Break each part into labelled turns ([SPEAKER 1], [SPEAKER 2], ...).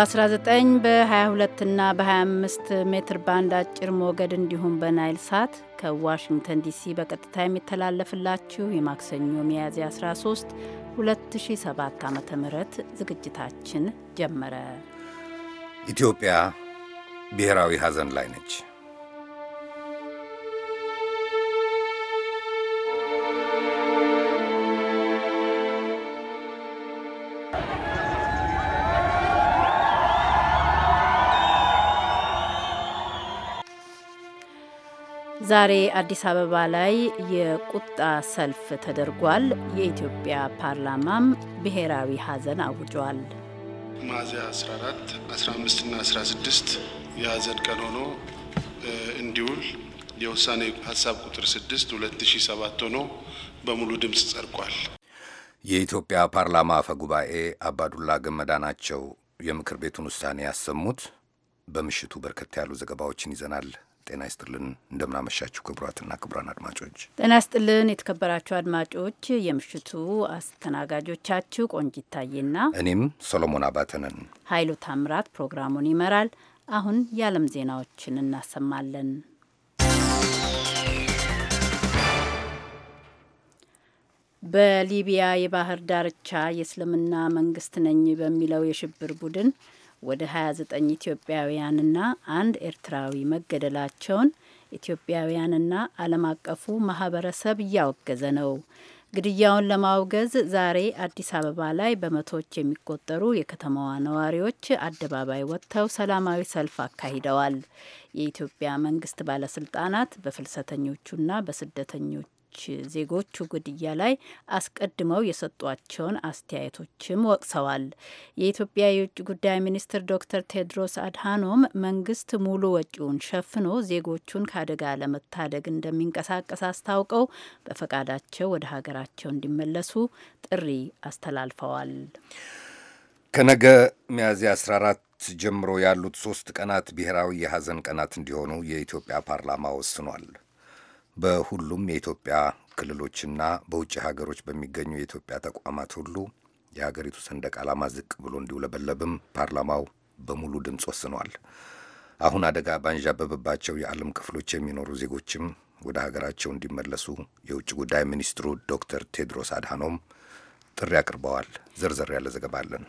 [SPEAKER 1] በ19 በ22 እና በ25 ሜትር ባንድ አጭር ሞገድ እንዲሁም በናይል ሳት ከዋሽንግተን ዲሲ በቀጥታ የሚተላለፍላችሁ የማክሰኞ ሚያዝያ 13 2007 ዓ ም ዝግጅታችን ጀመረ።
[SPEAKER 2] ኢትዮጵያ ብሔራዊ ሐዘን ላይ ነች።
[SPEAKER 1] ዛሬ አዲስ አበባ ላይ የቁጣ ሰልፍ ተደርጓል። የኢትዮጵያ ፓርላማም ብሔራዊ ሀዘን አውጇል።
[SPEAKER 3] ሚያዝያ 14፣ 15 እና 16 የሀዘን ቀን ሆኖ እንዲውል የውሳኔ ሀሳብ ቁጥር 6 2007 ሆኖ በሙሉ ድምፅ ጸድቋል።
[SPEAKER 2] የኢትዮጵያ ፓርላማ አፈ ጉባኤ አባዱላ ገመዳ ናቸው የምክር ቤቱን ውሳኔ ያሰሙት። በምሽቱ በርከት ያሉ ዘገባዎችን ይዘናል። ጤና ይስጥልን። እንደምናመሻችሁ ክቡራትና ክቡራን አድማጮች
[SPEAKER 1] ጤና ይስጥልን። የተከበራችሁ አድማጮች የምሽቱ አስተናጋጆቻችሁ ቆንጂት ታዬና
[SPEAKER 2] እኔም ሶሎሞን አባተነን።
[SPEAKER 1] ኃይሉ ታምራት ፕሮግራሙን ይመራል። አሁን የዓለም ዜናዎችን እናሰማለን። በሊቢያ የባህር ዳርቻ የእስልምና መንግስት ነኝ በሚለው የሽብር ቡድን ወደ 29 ኢትዮጵያውያንና አንድ ኤርትራዊ መገደላቸውን ኢትዮጵያውያንና ዓለም አቀፉ ማህበረሰብ እያወገዘ ነው። ግድያውን ለማውገዝ ዛሬ አዲስ አበባ ላይ በመቶዎች የሚቆጠሩ የከተማዋ ነዋሪዎች አደባባይ ወጥተው ሰላማዊ ሰልፍ አካሂደዋል። የኢትዮጵያ መንግስት ባለስልጣናት በፍልሰተኞቹና በስደተኞች ሌሎች ዜጎቹ ግድያ ላይ አስቀድመው የሰጧቸውን አስተያየቶችም ወቅሰዋል። የኢትዮጵያ የውጭ ጉዳይ ሚኒስትር ዶክተር ቴድሮስ አድሃኖም መንግስት ሙሉ ወጪውን ሸፍኖ ዜጎቹን ከአደጋ ለመታደግ እንደሚንቀሳቀስ አስታውቀው በፈቃዳቸው ወደ ሀገራቸው እንዲመለሱ ጥሪ አስተላልፈዋል።
[SPEAKER 2] ከነገ ሚያዝያ 14 ጀምሮ ያሉት ሶስት ቀናት ብሔራዊ የሐዘን ቀናት እንዲሆኑ የኢትዮጵያ ፓርላማ ወስኗል። በሁሉም የኢትዮጵያ ክልሎችና በውጭ ሀገሮች በሚገኙ የኢትዮጵያ ተቋማት ሁሉ የሀገሪቱ ሰንደቅ ዓላማ ዝቅ ብሎ እንዲውለበለብም ፓርላማው በሙሉ ድምፅ ወስኗል። አሁን አደጋ ባንዣበበባቸው የዓለም ክፍሎች የሚኖሩ ዜጎችም ወደ ሀገራቸው እንዲመለሱ የውጭ ጉዳይ ሚኒስትሩ ዶክተር ቴድሮስ አድሃኖም ጥሪ አቅርበዋል። ዝርዘር ያለ ዘገባ አለን።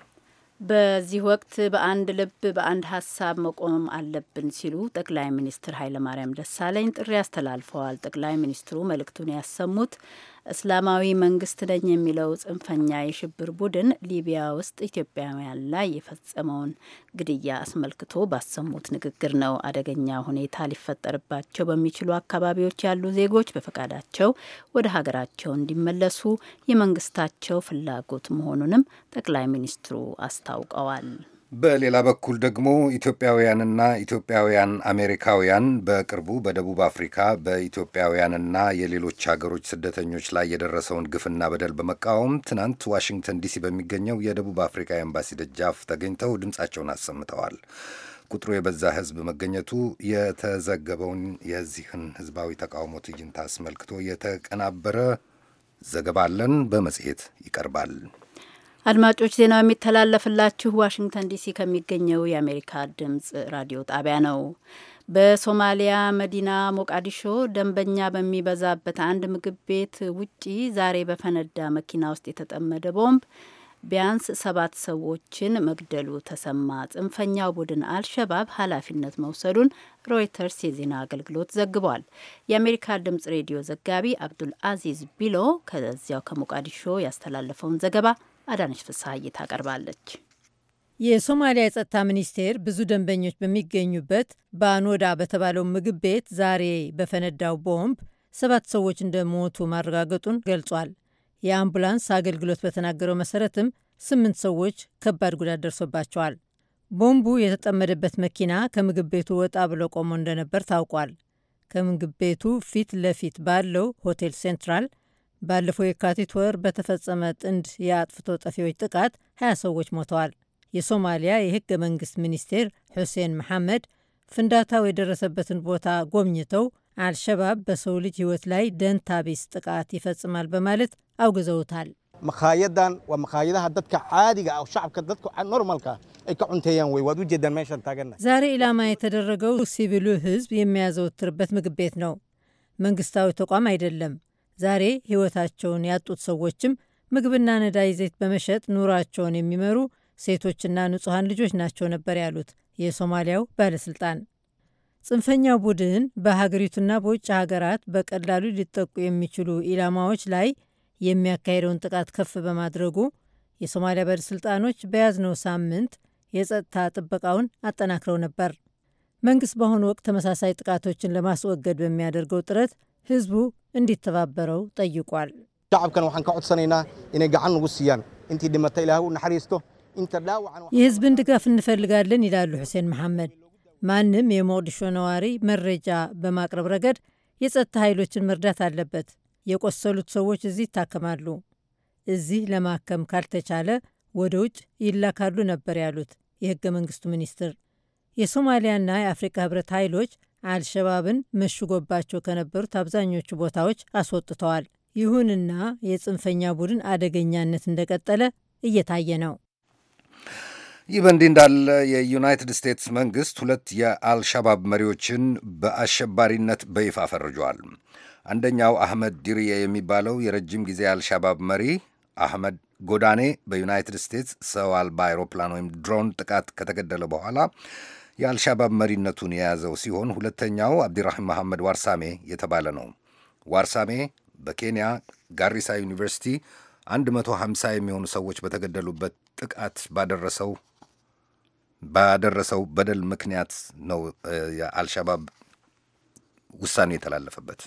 [SPEAKER 1] በዚህ ወቅት በአንድ ልብ በአንድ ሀሳብ መቆም አለብን ሲሉ ጠቅላይ ሚኒስትር ኃይለማርያም ደሳለኝ ጥሪ አስተላልፈዋል። ጠቅላይ ሚኒስትሩ መልእክቱን ያሰሙት እስላማዊ መንግስት ነኝ የሚለው ጽንፈኛ የሽብር ቡድን ሊቢያ ውስጥ ኢትዮጵያውያን ላይ የፈጸመውን ግድያ አስመልክቶ ባሰሙት ንግግር ነው። አደገኛ ሁኔታ ሊፈጠርባቸው በሚችሉ አካባቢዎች ያሉ ዜጎች በፈቃዳቸው ወደ ሀገራቸው እንዲመለሱ የመንግስታቸው ፍላጎት መሆኑንም ጠቅላይ ሚኒስትሩ አስታውቀዋል።
[SPEAKER 2] በሌላ በኩል ደግሞ ኢትዮጵያውያንና ኢትዮጵያውያን አሜሪካውያን በቅርቡ በደቡብ አፍሪካ በኢትዮጵያውያንና የሌሎች ሀገሮች ስደተኞች ላይ የደረሰውን ግፍና በደል በመቃወም ትናንት ዋሽንግተን ዲሲ በሚገኘው የደቡብ አፍሪካ ኤምባሲ ደጃፍ ተገኝተው ድምፃቸውን አሰምተዋል። ቁጥሩ የበዛ ሕዝብ መገኘቱ የተዘገበውን የዚህን ሕዝባዊ ተቃውሞ ትዕይንት አስመልክቶ የተቀናበረ ዘገባ አለን። በመጽሔት ይቀርባል።
[SPEAKER 1] አድማጮች ዜናው የሚተላለፍላችሁ ዋሽንግተን ዲሲ ከሚገኘው የአሜሪካ ድምጽ ራዲዮ ጣቢያ ነው። በሶማሊያ መዲና ሞቃዲሾ ደንበኛ በሚበዛበት አንድ ምግብ ቤት ውጪ ዛሬ በፈነዳ መኪና ውስጥ የተጠመደ ቦምብ ቢያንስ ሰባት ሰዎችን መግደሉ ተሰማ። ጽንፈኛው ቡድን አልሸባብ ኃላፊነት መውሰዱን ሮይተርስ የዜና አገልግሎት ዘግቧል። የአሜሪካ ድምጽ ሬዲዮ ዘጋቢ አብዱል አዚዝ ቢሎ ከዚያው ከሞቃዲሾ ያስተላለፈውን ዘገባ አዳነች ፍስሐዬ ታቀርባለች።
[SPEAKER 4] የሶማሊያ የጸጥታ ሚኒስቴር ብዙ ደንበኞች በሚገኙበት በአኖዳ በተባለው ምግብ ቤት ዛሬ በፈነዳው ቦምብ ሰባት ሰዎች እንደሞቱ ማረጋገጡን ገልጿል። የአምቡላንስ አገልግሎት በተናገረው መሰረትም ስምንት ሰዎች ከባድ ጉዳት ደርሶባቸዋል። ቦምቡ የተጠመደበት መኪና ከምግብ ቤቱ ወጣ ብሎ ቆሞ እንደነበር ታውቋል። ከምግብ ቤቱ ፊት ለፊት ባለው ሆቴል ሴንትራል ባለፈው የካቲት ወር በተፈጸመ ጥንድ የአጥፍቶ ጠፊዎች ጥቃት 20 ሰዎች ሞተዋል። የሶማሊያ የህገ መንግስት ሚኒስቴር ሑሴን መሐመድ ፍንዳታው የደረሰበትን ቦታ ጎብኝተው አልሸባብ በሰው ልጅ ህይወት ላይ ደንታ ቢስ ጥቃት ይፈጽማል በማለት አውግዘውታል።
[SPEAKER 5] መካየዳን ወመኻየዳሃ ደድካ ዓዲጋ አው ሻዕብከ ደድኩ ኖርማልካ ay ወይ cunteeyaan wey waad ዛሬ
[SPEAKER 4] ኢላማ የተደረገው ሲቪሉ ህዝብ የሚያዘወትርበት ምግብ ቤት ነው፣ መንግስታዊ ተቋም አይደለም። ዛሬ ሕይወታቸውን ያጡት ሰዎችም ምግብና ነዳጅ ዘይት በመሸጥ ኑሯቸውን የሚመሩ ሴቶችና ንጹሐን ልጆች ናቸው ነበር ያሉት የሶማሊያው ባለሥልጣን። ጽንፈኛው ቡድን በሀገሪቱና በውጭ ሀገራት በቀላሉ ሊጠቁ የሚችሉ ኢላማዎች ላይ የሚያካሄደውን ጥቃት ከፍ በማድረጉ የሶማሊያ ባለሥልጣኖች በያዝነው ሳምንት የጸጥታ ጥበቃውን አጠናክረው ነበር። መንግሥት በአሁኑ ወቅት ተመሳሳይ ጥቃቶችን ለማስወገድ በሚያደርገው ጥረት ህዝቡ እንዲተባበረው ጠይቋል።
[SPEAKER 6] ሻዕብከን waxaan
[SPEAKER 5] ka ኢነ ጋዓን gacan ስያን እንቲ ድመተ ኢላ
[SPEAKER 4] ilaahu የህዝብን ድጋፍ እንፈልጋለን ይላሉ ሁሴን መሐመድ። ማንም የሞቅዲሾ ነዋሪ መረጃ በማቅረብ ረገድ የጸጥታ ኃይሎችን መርዳት አለበት። የቆሰሉት ሰዎች እዚህ ይታከማሉ። እዚህ ለማከም ካልተቻለ ወደ ውጭ ይላካሉ ነበር ያሉት የህገ መንግስቱ ሚኒስትር። የሶማሊያና የአፍሪካ ህብረት ኃይሎች አልሸባብን መሽጎባቸው ከነበሩት አብዛኞቹ ቦታዎች አስወጥተዋል። ይሁንና የጽንፈኛ ቡድን አደገኛነት እንደቀጠለ እየታየ ነው። ይህ በእንዲህ
[SPEAKER 2] እንዳለ የዩናይትድ ስቴትስ መንግሥት ሁለት የአልሸባብ መሪዎችን በአሸባሪነት በይፋ ፈርጇል። አንደኛው አህመድ ዲርዬ የሚባለው የረጅም ጊዜ አልሸባብ መሪ አህመድ ጎዳኔ በዩናይትድ ስቴትስ ሰው አልባ አይሮፕላን ወይም ድሮን ጥቃት ከተገደለ በኋላ የአልሻባብ መሪነቱን የያዘው ሲሆን ሁለተኛው አብዲራሂም መሐመድ ዋርሳሜ የተባለ ነው። ዋርሳሜ በኬንያ ጋሪሳ ዩኒቨርሲቲ 150 የሚሆኑ ሰዎች በተገደሉበት ጥቃት ባደረሰው ባደረሰው በደል ምክንያት ነው የአልሻባብ ውሳኔ የተላለፈበት።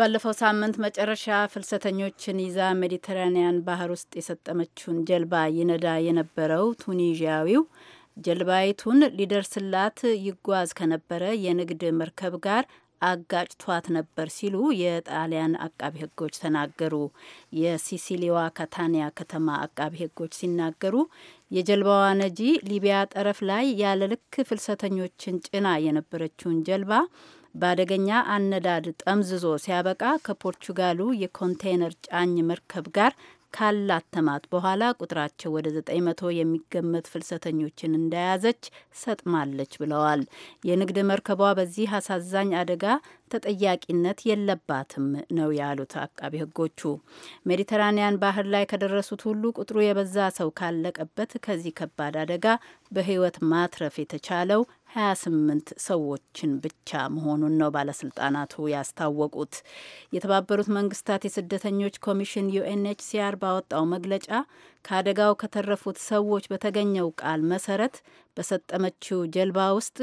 [SPEAKER 1] ባለፈው ሳምንት መጨረሻ ፍልሰተኞችን ይዛ ሜዲተራኒያን ባህር ውስጥ የሰጠመችውን ጀልባ ይነዳ የነበረው ቱኒዥያዊው ጀልባይቱን ሊደርስላት ይጓዝ ከነበረ የንግድ መርከብ ጋር አጋጭቷት ነበር ሲሉ የጣሊያን አቃቢ ሕጎች ተናገሩ። የሲሲሊዋ ካታኒያ ከተማ አቃቢ ሕጎች ሲናገሩ የጀልባዋ ነጂ ሊቢያ ጠረፍ ላይ ያለ ልክ ፍልሰተኞችን ጭና የነበረችውን ጀልባ በአደገኛ አነዳድ ጠምዝዞ ሲያበቃ ከፖርቹጋሉ የኮንቴነር ጫኝ መርከብ ጋር ካላተማት በኋላ ቁጥራቸው ወደ መቶ የሚገመት ፍልሰተኞችን እንደያዘች ሰጥማለች ብለዋል። የንግድ መርከቧ በዚህ አሳዛኝ አደጋ ተጠያቂነት የለባትም ነው ያሉት አቃቢ ሕጎቹ ሜዲተራኒያን ባህር ላይ ከደረሱት ሁሉ ቁጥሩ የበዛ ሰው ካለቀበት ከዚህ ከባድ አደጋ በሕይወት ማትረፍ የተቻለው 28 ሰዎችን ብቻ መሆኑን ነው ባለስልጣናቱ ያስታወቁት። የተባበሩት መንግስታት የስደተኞች ኮሚሽን ዩኤንኤችሲአር ባወጣው መግለጫ ከአደጋው ከተረፉት ሰዎች በተገኘው ቃል መሰረት በሰጠመችው ጀልባ ውስጥ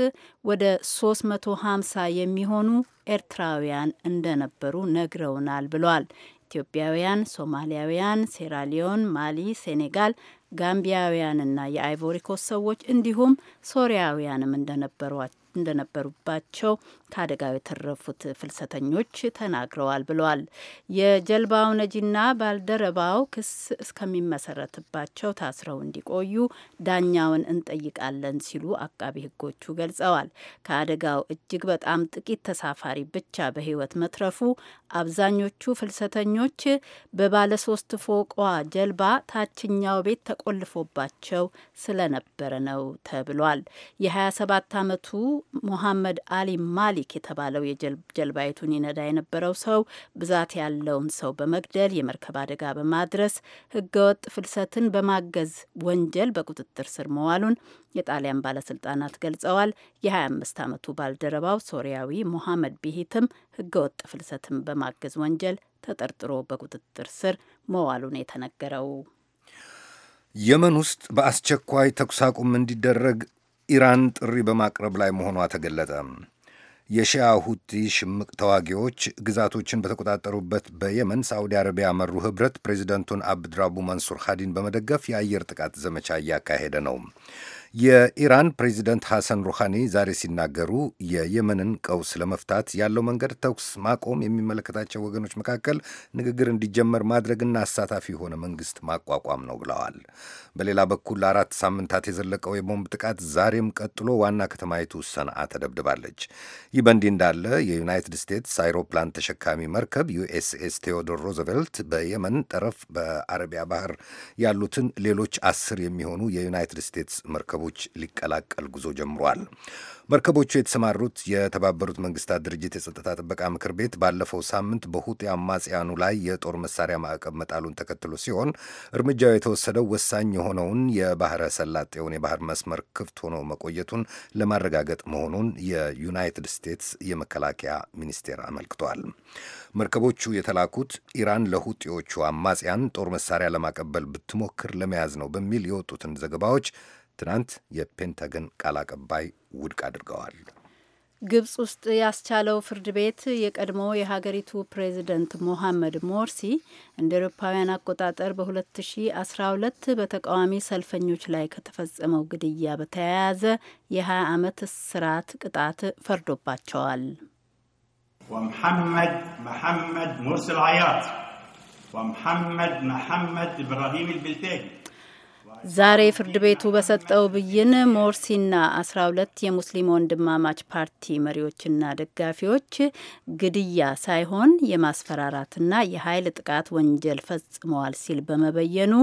[SPEAKER 1] ወደ 350 የሚሆኑ ኤርትራውያን እንደነበሩ ነግረውናል ብሏል። ኢትዮጵያውያን፣ ሶማሊያውያን፣ ሴራሊዮን፣ ማሊ፣ ሴኔጋል፣ ጋምቢያውያንና የአይቮሪኮስ ሰዎች እንዲሁም ሶሪያውያንም እንደነበሯቸው እንደነበሩባቸው ከአደጋው የተረፉት ፍልሰተኞች ተናግረዋል ብለዋል። የጀልባው ነጂና ባልደረባው ክስ እስከሚመሰረትባቸው ታስረው እንዲቆዩ ዳኛውን እንጠይቃለን ሲሉ አቃቢ ሕጎቹ ገልጸዋል። ከአደጋው እጅግ በጣም ጥቂት ተሳፋሪ ብቻ በሕይወት መትረፉ አብዛኞቹ ፍልሰተኞች በባለሶስት ፎቋ ጀልባ ታችኛው ቤት ተቆልፎባቸው ስለነበረ ነው ተብሏል። የ27 ዓመቱ ሞሐመድ አሊ ማሊክ የተባለው የጀልባይቱን ይነዳ የነበረው ሰው ብዛት ያለውን ሰው በመግደል የመርከብ አደጋ በማድረስ ህገወጥ ፍልሰትን በማገዝ ወንጀል በቁጥጥር ስር መዋሉን የጣሊያን ባለስልጣናት ገልጸዋል። የ25 ዓመቱ ባልደረባው ሶሪያዊ ሞሐመድ ቢሂትም ህገወጥ ፍልሰትን በማገዝ ወንጀል ተጠርጥሮ በቁጥጥር ስር መዋሉን የተነገረው
[SPEAKER 2] የመን ውስጥ በአስቸኳይ ተኩስ አቁም እንዲደረግ ኢራን ጥሪ በማቅረብ ላይ መሆኗ ተገለጠ። የሺያ ሁቲ ሽምቅ ተዋጊዎች ግዛቶችን በተቆጣጠሩበት በየመን ሳዑዲ አረቢያ መሩ ህብረት ፕሬዚደንቱን አብድራቡ መንሱር ሃዲን በመደገፍ የአየር ጥቃት ዘመቻ እያካሄደ ነው። የኢራን ፕሬዚደንት ሐሰን ሩሃኒ ዛሬ ሲናገሩ የየመንን ቀውስ ለመፍታት ያለው መንገድ ተኩስ ማቆም፣ የሚመለከታቸው ወገኖች መካከል ንግግር እንዲጀመር ማድረግና አሳታፊ የሆነ መንግስት ማቋቋም ነው ብለዋል። በሌላ በኩል ለአራት ሳምንታት የዘለቀው የቦምብ ጥቃት ዛሬም ቀጥሎ ዋና ከተማይቱ ሰንዓ ተደብድባለች። ይህ በእንዲህ እንዳለ የዩናይትድ ስቴትስ አይሮፕላን ተሸካሚ መርከብ ዩኤስኤስ ቴዎዶር ሮዘቬልት በየመን ጠረፍ በአረቢያ ባህር ያሉትን ሌሎች አስር የሚሆኑ የዩናይትድ ስቴትስ መርከብ መርከቦች ሊቀላቀል ጉዞ ጀምሯል። መርከቦቹ የተሰማሩት የተባበሩት መንግስታት ድርጅት የጸጥታ ጥበቃ ምክር ቤት ባለፈው ሳምንት በሁጤ አማጽያኑ ላይ የጦር መሳሪያ ማዕቀብ መጣሉን ተከትሎ ሲሆን እርምጃው የተወሰደው ወሳኝ የሆነውን የባህረ ሰላጤውን የባህር መስመር ክፍት ሆኖ መቆየቱን ለማረጋገጥ መሆኑን የዩናይትድ ስቴትስ የመከላከያ ሚኒስቴር አመልክቷል። መርከቦቹ የተላኩት ኢራን ለሁጤዎቹ አማጽያን ጦር መሳሪያ ለማቀበል ብትሞክር ለመያዝ ነው በሚል የወጡትን ዘገባዎች ትናንት የፔንታገን ቃል አቀባይ ውድቅ አድርገዋል።
[SPEAKER 4] ግብጽ ውስጥ
[SPEAKER 1] ያስቻለው ፍርድ ቤት የቀድሞ የሀገሪቱ ፕሬዚደንት ሞሐመድ ሞርሲ እንደ ኤሮፓውያን አቆጣጠር በ2012 በተቃዋሚ ሰልፈኞች ላይ ከተፈጸመው ግድያ በተያያዘ የ20 ዓመት እስራት ቅጣት ፈርዶባቸዋል።
[SPEAKER 3] ወመሐመድ መሐመድ ሙርሲ አልአያት ወመሐመድ መሐመድ ኢብራሂም ልብልቴ
[SPEAKER 1] ዛሬ ፍርድ ቤቱ በሰጠው ብይን ሞርሲና ሁለት የሙስሊም ወንድማማች ፓርቲ መሪዎችና ደጋፊዎች ግድያ ሳይሆን የማስፈራራትና የኃይል ጥቃት ወንጀል ፈጽመዋል ሲል በመበየኑ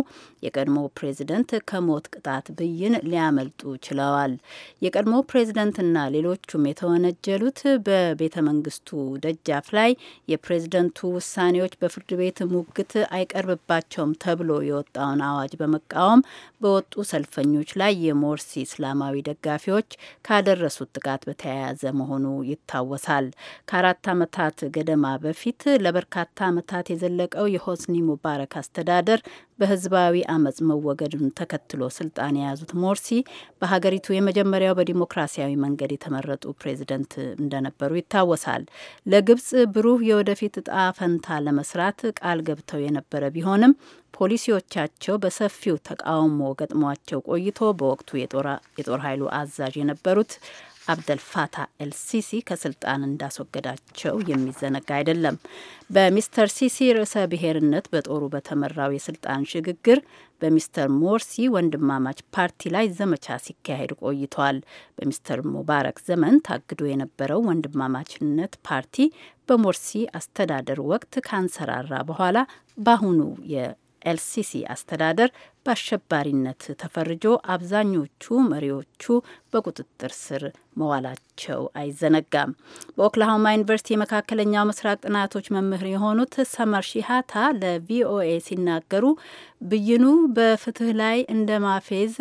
[SPEAKER 1] የቀድሞ ፕሬዝደንት ከሞት ቅጣት ብይን ሊያመልጡ ችለዋል። የቀድሞ ፕሬዝደንትና ሌሎቹም የተወነጀሉት በቤተ መንግስቱ ደጃፍ ላይ የፕሬዝደንቱ ውሳኔዎች በፍርድ ቤት ሙግት አይቀርብባቸውም ተብሎ የወጣውን አዋጅ በመቃወም በወጡ ሰልፈኞች ላይ የሞርሲ እስላማዊ ደጋፊዎች ካደረሱት ጥቃት በተያያዘ መሆኑ ይታወሳል። ከአራት ዓመታት ገደማ በፊት ለበርካታ ዓመታት የዘለቀው የሆስኒ ሙባረክ አስተዳደር በህዝባዊ አመጽ መወገድን ተከትሎ ስልጣን የያዙት ሞርሲ በሀገሪቱ የመጀመሪያው በዲሞክራሲያዊ መንገድ የተመረጡ ፕሬዝደንት እንደነበሩ ይታወሳል። ለግብጽ ብሩህ የወደፊት እጣ ፈንታ ለመስራት ቃል ገብተው የነበረ ቢሆንም ፖሊሲዎቻቸው በሰፊው ተቃውሞ ገጥሟቸው ቆይቶ በወቅቱ የጦር ኃይሉ አዛዥ የነበሩት አብደልፋታ ኤልሲሲ ከስልጣን እንዳስወገዳቸው የሚዘነጋ አይደለም። በሚስተር ሲሲ ርዕሰ ብሔርነት በጦሩ በተመራው የስልጣን ሽግግር በሚስተር ሞርሲ ወንድማማች ፓርቲ ላይ ዘመቻ ሲካሄድ ቆይቷል። በሚስተር ሙባረክ ዘመን ታግዶ የነበረው ወንድማማችነት ፓርቲ በሞርሲ አስተዳደር ወቅት ካንሰራራ በኋላ በአሁኑ ኤልሲሲ አስተዳደር በአሸባሪነት ተፈርጆ አብዛኞቹ መሪዎቹ በቁጥጥር ስር መዋላቸው አይዘነጋም። በኦክላሆማ ዩኒቨርሲቲ የመካከለኛው ምስራቅ ጥናቶች መምህር የሆኑት ሰመር ሺሃታ ለቪኦኤ ሲናገሩ ብይኑ በፍትህ ላይ እንደ ማፌዝ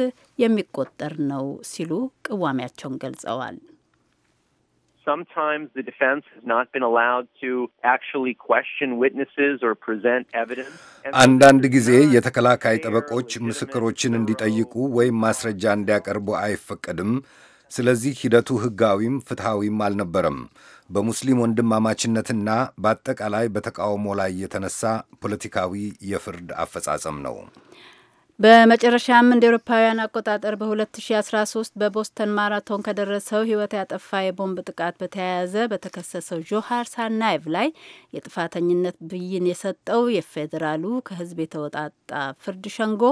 [SPEAKER 1] የሚቆጠር ነው ሲሉ ቅዋሜያቸውን ገልጸዋል።
[SPEAKER 4] Sometimes
[SPEAKER 7] the defense has not been allowed to actually question witnesses or present evidence. አንዳንድ
[SPEAKER 2] ጊዜ የተከላካይ ጠበቆች ምስክሮችን እንዲጠይቁ ወይም ማስረጃ እንዲያቀርቡ አይፈቀድም። ስለዚህ ሂደቱ ሕጋዊም ፍትሐዊም አልነበረም። በሙስሊም ወንድማማችነትና በአጠቃላይ በተቃውሞ ላይ የተነሳ ፖለቲካዊ የፍርድ አፈጻጸም ነው።
[SPEAKER 1] በመጨረሻም እንደ ኤሮፓውያን አቆጣጠር በ2013 በቦስተን ማራቶን ከደረሰው ሕይወት ያጠፋ የቦምብ ጥቃት በተያያዘ በተከሰሰው ጆሃር ሳናይቭ ላይ የጥፋተኝነት ብይን የሰጠው የፌዴራሉ ከሕዝብ የተወጣጣ ፍርድ ሸንጎ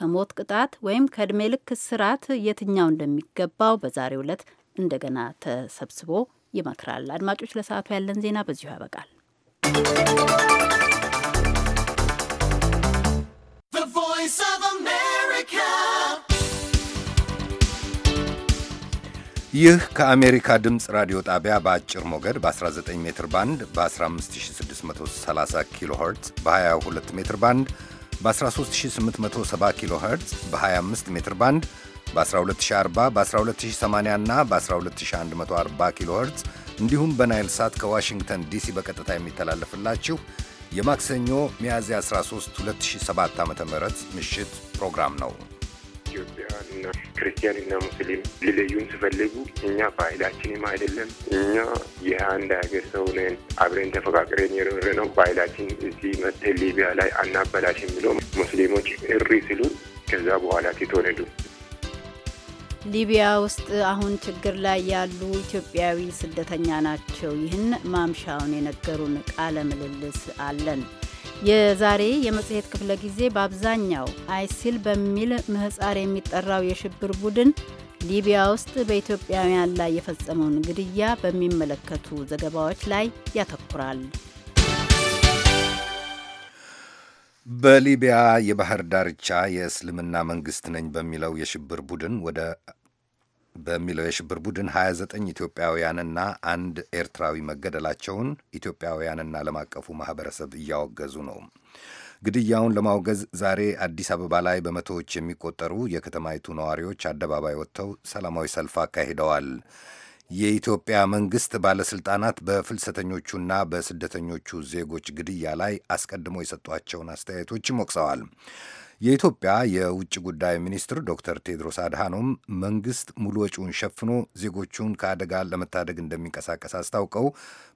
[SPEAKER 1] ከሞት ቅጣት ወይም ከእድሜ ልክ እስራት የትኛው እንደሚገባው በዛሬው ዕለት እንደገና ተሰብስቦ ይመክራል። አድማጮች፣ ለሰዓቱ ያለን ዜና በዚሁ ያበቃል።
[SPEAKER 2] ይህ ከአሜሪካ ድምፅ ራዲዮ ጣቢያ በአጭር ሞገድ በ19 ሜትር ባንድ በ15630 ኪሎ ኸርትዝ በ22 ሜትር ባንድ በ13870 ኪሎ ኸርትዝ በ25 ሜትር ባንድ በ12040 በ12080 እና በ12140 ኪሎ ኸርትዝ እንዲሁም በናይል ሳት ከዋሽንግተን ዲሲ በቀጥታ የሚተላለፍላችሁ የማክሰኞ ሚያዝያ 13 2007 ዓ ም ምሽት ፕሮግራም ነው።
[SPEAKER 7] ኢትዮጵያና ክርስቲያንና ሙስሊም ሊለዩን ስፈልጉ እኛ ባህላችንም አይደለም እኛ የአንድ ሀገር ሰው ነን። አብረን ተፈቃቅረን የኖረ ነው ባህላችን እዚህ መተ ሊቢያ ላይ አናበላሽ የሚለው ሙስሊሞች እሪ ስሉ ከዛ በኋላ ትቶነዱ
[SPEAKER 1] ሊቢያ ውስጥ አሁን ችግር ላይ ያሉ ኢትዮጵያዊ ስደተኛ ናቸው። ይህን ማምሻውን የነገሩን ቃለ ምልልስ አለን። የዛሬ የመጽሔት ክፍለ ጊዜ በአብዛኛው አይሲል በሚል ምህጻር የሚጠራው የሽብር ቡድን ሊቢያ ውስጥ በኢትዮጵያውያን ላይ የፈጸመውን ግድያ በሚመለከቱ ዘገባዎች ላይ ያተኩራል።
[SPEAKER 2] በሊቢያ የባህር ዳርቻ የእስልምና መንግስት ነኝ በሚለው የሽብር ቡድን ወደ በሚለው የሽብር ቡድን 29 ኢትዮጵያውያንና አንድ ኤርትራዊ መገደላቸውን ኢትዮጵያውያንና ዓለም አቀፉ ማህበረሰብ እያወገዙ ነው። ግድያውን ለማውገዝ ዛሬ አዲስ አበባ ላይ በመቶዎች የሚቆጠሩ የከተማይቱ ነዋሪዎች አደባባይ ወጥተው ሰላማዊ ሰልፍ አካሂደዋል። የኢትዮጵያ መንግስት ባለስልጣናት በፍልሰተኞቹና በስደተኞቹ ዜጎች ግድያ ላይ አስቀድሞ የሰጧቸውን አስተያየቶች ሞቅሰዋል። የኢትዮጵያ የውጭ ጉዳይ ሚኒስትር ዶክተር ቴድሮስ አድሃኖም መንግስት ሙሉ ወጪውን ሸፍኖ ዜጎቹን ከአደጋ ለመታደግ እንደሚንቀሳቀስ አስታውቀው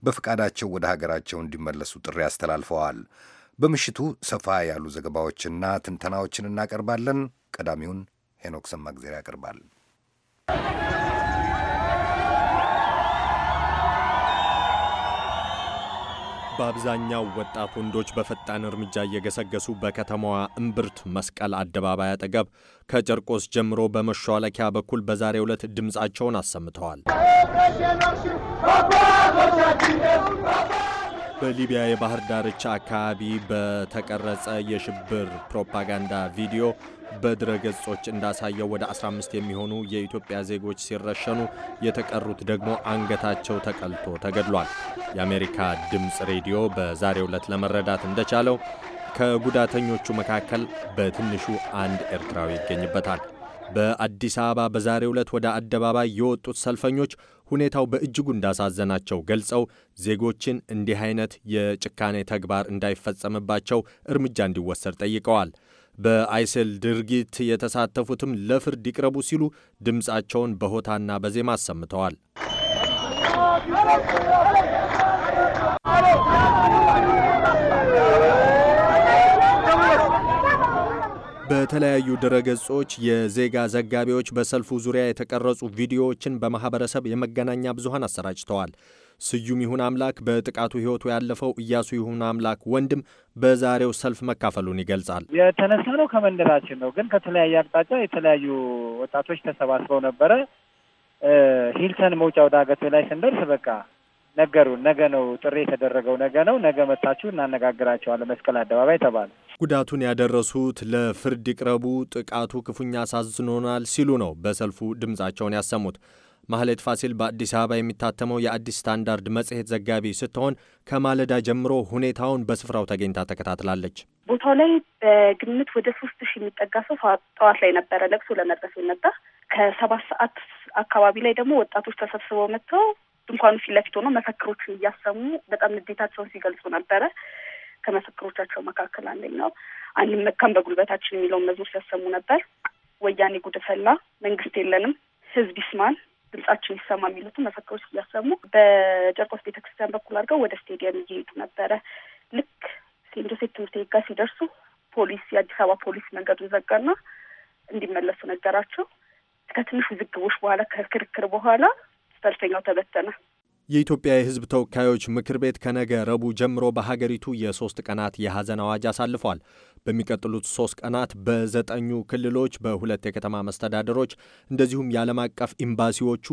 [SPEAKER 2] በፈቃዳቸው ወደ ሀገራቸው እንዲመለሱ ጥሪ አስተላልፈዋል። በምሽቱ ሰፋ ያሉ ዘገባዎችና ትንተናዎችን እናቀርባለን። ቀዳሚውን ሄኖክ ሰማግዜር ያቀርባል።
[SPEAKER 8] በአብዛኛው ወጣት ወንዶች በፈጣን እርምጃ እየገሰገሱ በከተማዋ እምብርት መስቀል አደባባይ አጠገብ ከጨርቆስ ጀምሮ በመሿለኪያ በኩል በዛሬው ዕለት ድምፃቸውን አሰምተዋል። በሊቢያ የባህር ዳርቻ አካባቢ በተቀረጸ የሽብር ፕሮፓጋንዳ ቪዲዮ በድረገጾች እንዳሳየው ወደ 15 የሚሆኑ የኢትዮጵያ ዜጎች ሲረሸኑ የተቀሩት ደግሞ አንገታቸው ተቀልቶ ተገድሏል። የአሜሪካ ድምፅ ሬዲዮ በዛሬ ዕለት ለመረዳት እንደቻለው ከጉዳተኞቹ መካከል በትንሹ አንድ ኤርትራዊ ይገኝበታል። በአዲስ አበባ በዛሬ ዕለት ወደ አደባባይ የወጡት ሰልፈኞች ሁኔታው በእጅጉ እንዳሳዘናቸው ገልጸው ዜጎችን እንዲህ አይነት የጭካኔ ተግባር እንዳይፈጸምባቸው እርምጃ እንዲወሰድ ጠይቀዋል። በአይሴል ድርጊት የተሳተፉትም ለፍርድ ይቅረቡ ሲሉ ድምፃቸውን በሆታና በዜማ አሰምተዋል። በተለያዩ ድረገጾች የዜጋ ዘጋቢዎች በሰልፉ ዙሪያ የተቀረጹ ቪዲዮዎችን በማኅበረሰብ የመገናኛ ብዙሃን አሰራጭተዋል። ስዩም ይሁን አምላክ በጥቃቱ ህይወቱ ያለፈው እያሱ ይሁን አምላክ ወንድም በዛሬው ሰልፍ መካፈሉን ይገልጻል።
[SPEAKER 9] የተነሳ ነው ከመንደራችን ነው፣ ግን ከተለያየ አቅጣጫ የተለያዩ ወጣቶች ተሰባስበው ነበረ። ሂልተን መውጫ ወደ አገቶ ላይ ስንደርስ በቃ ነገሩ ነገ ነው ጥሪ የተደረገው ነገ ነው፣ ነገ መታችሁ እናነጋግራቸዋለን መስቀል አደባባይ
[SPEAKER 8] ተባለ። ጉዳቱን ያደረሱት ለፍርድ ይቅረቡ፣ ጥቃቱ ክፉኛ አሳዝኖናል ሲሉ ነው በሰልፉ ድምጻቸውን ያሰሙት። ማህሌት ፋሲል በአዲስ አበባ የሚታተመው የአዲስ ስታንዳርድ መጽሔት ዘጋቢ ስትሆን ከማለዳ ጀምሮ ሁኔታውን በስፍራው ተገኝታ ተከታትላለች።
[SPEAKER 1] ቦታው ላይ በግምት ወደ ሶስት ሺህ የሚጠጋ ሰው ጠዋት ላይ ነበረ ለቅሶ ለመድረስ የመጣ ከሰባት ሰዓት አካባቢ ላይ ደግሞ ወጣቶች ተሰብስበው መጥተው ድንኳኑ ፊት ለፊት ሆነው መፈክሮችን እያሰሙ በጣም ንዴታቸውን ሲገልጹ ነበረ። ከመፈክሮቻቸው መካከል አንደኛው አንመካም በጉልበታችን የሚለውን መዝሙር ሲያሰሙ ነበር። ወያኔ ጉድፈላ፣ መንግስት የለንም፣ ህዝብ ይስማን ድምጻቸው ይሰማ የሚሉትን መፈክሮች እያሰሙ በጨርቆስ ቤተክርስቲያን በኩል አድርገው ወደ ስቴዲየም እየሄዱ ነበረ። ልክ ሴንት ጆሴፍ ትምህርት ቤት ጋር ሲደርሱ ፖሊስ፣ የአዲስ አበባ ፖሊስ መንገዱን ዘጋና እንዲመለሱ ነገራቸው። ከትንሽ ውዝግቦች በኋላ ከክርክር በኋላ ሰልፈኛው ተበተነ።
[SPEAKER 8] የኢትዮጵያ የሕዝብ ተወካዮች ምክር ቤት ከነገ ረቡዕ ጀምሮ በሀገሪቱ የሶስት ቀናት የሐዘን አዋጅ አሳልፏል። በሚቀጥሉት ሶስት ቀናት በዘጠኙ ክልሎች በሁለት የከተማ መስተዳደሮች እንደዚሁም የዓለም አቀፍ ኤምባሲዎቹ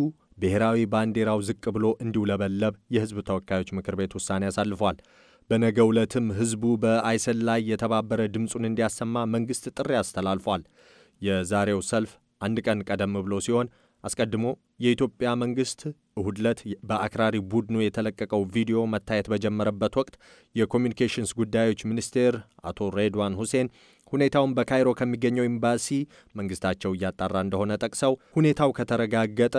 [SPEAKER 8] ብሔራዊ ባንዲራው ዝቅ ብሎ እንዲውለበለብ የሕዝብ ተወካዮች ምክር ቤት ውሳኔ አሳልፏል። በነገ ዕለትም ሕዝቡ በአይሰል ላይ የተባበረ ድምፁን እንዲያሰማ መንግሥት ጥሪ አስተላልፏል። የዛሬው ሰልፍ አንድ ቀን ቀደም ብሎ ሲሆን አስቀድሞ የኢትዮጵያ መንግሥት እሁድ ዕለት በአክራሪ ቡድኑ የተለቀቀው ቪዲዮ መታየት በጀመረበት ወቅት የኮሚኒኬሽንስ ጉዳዮች ሚኒስቴር አቶ ሬድዋን ሁሴን ሁኔታውን በካይሮ ከሚገኘው ኤምባሲ መንግሥታቸው እያጣራ እንደሆነ ጠቅሰው ሁኔታው ከተረጋገጠ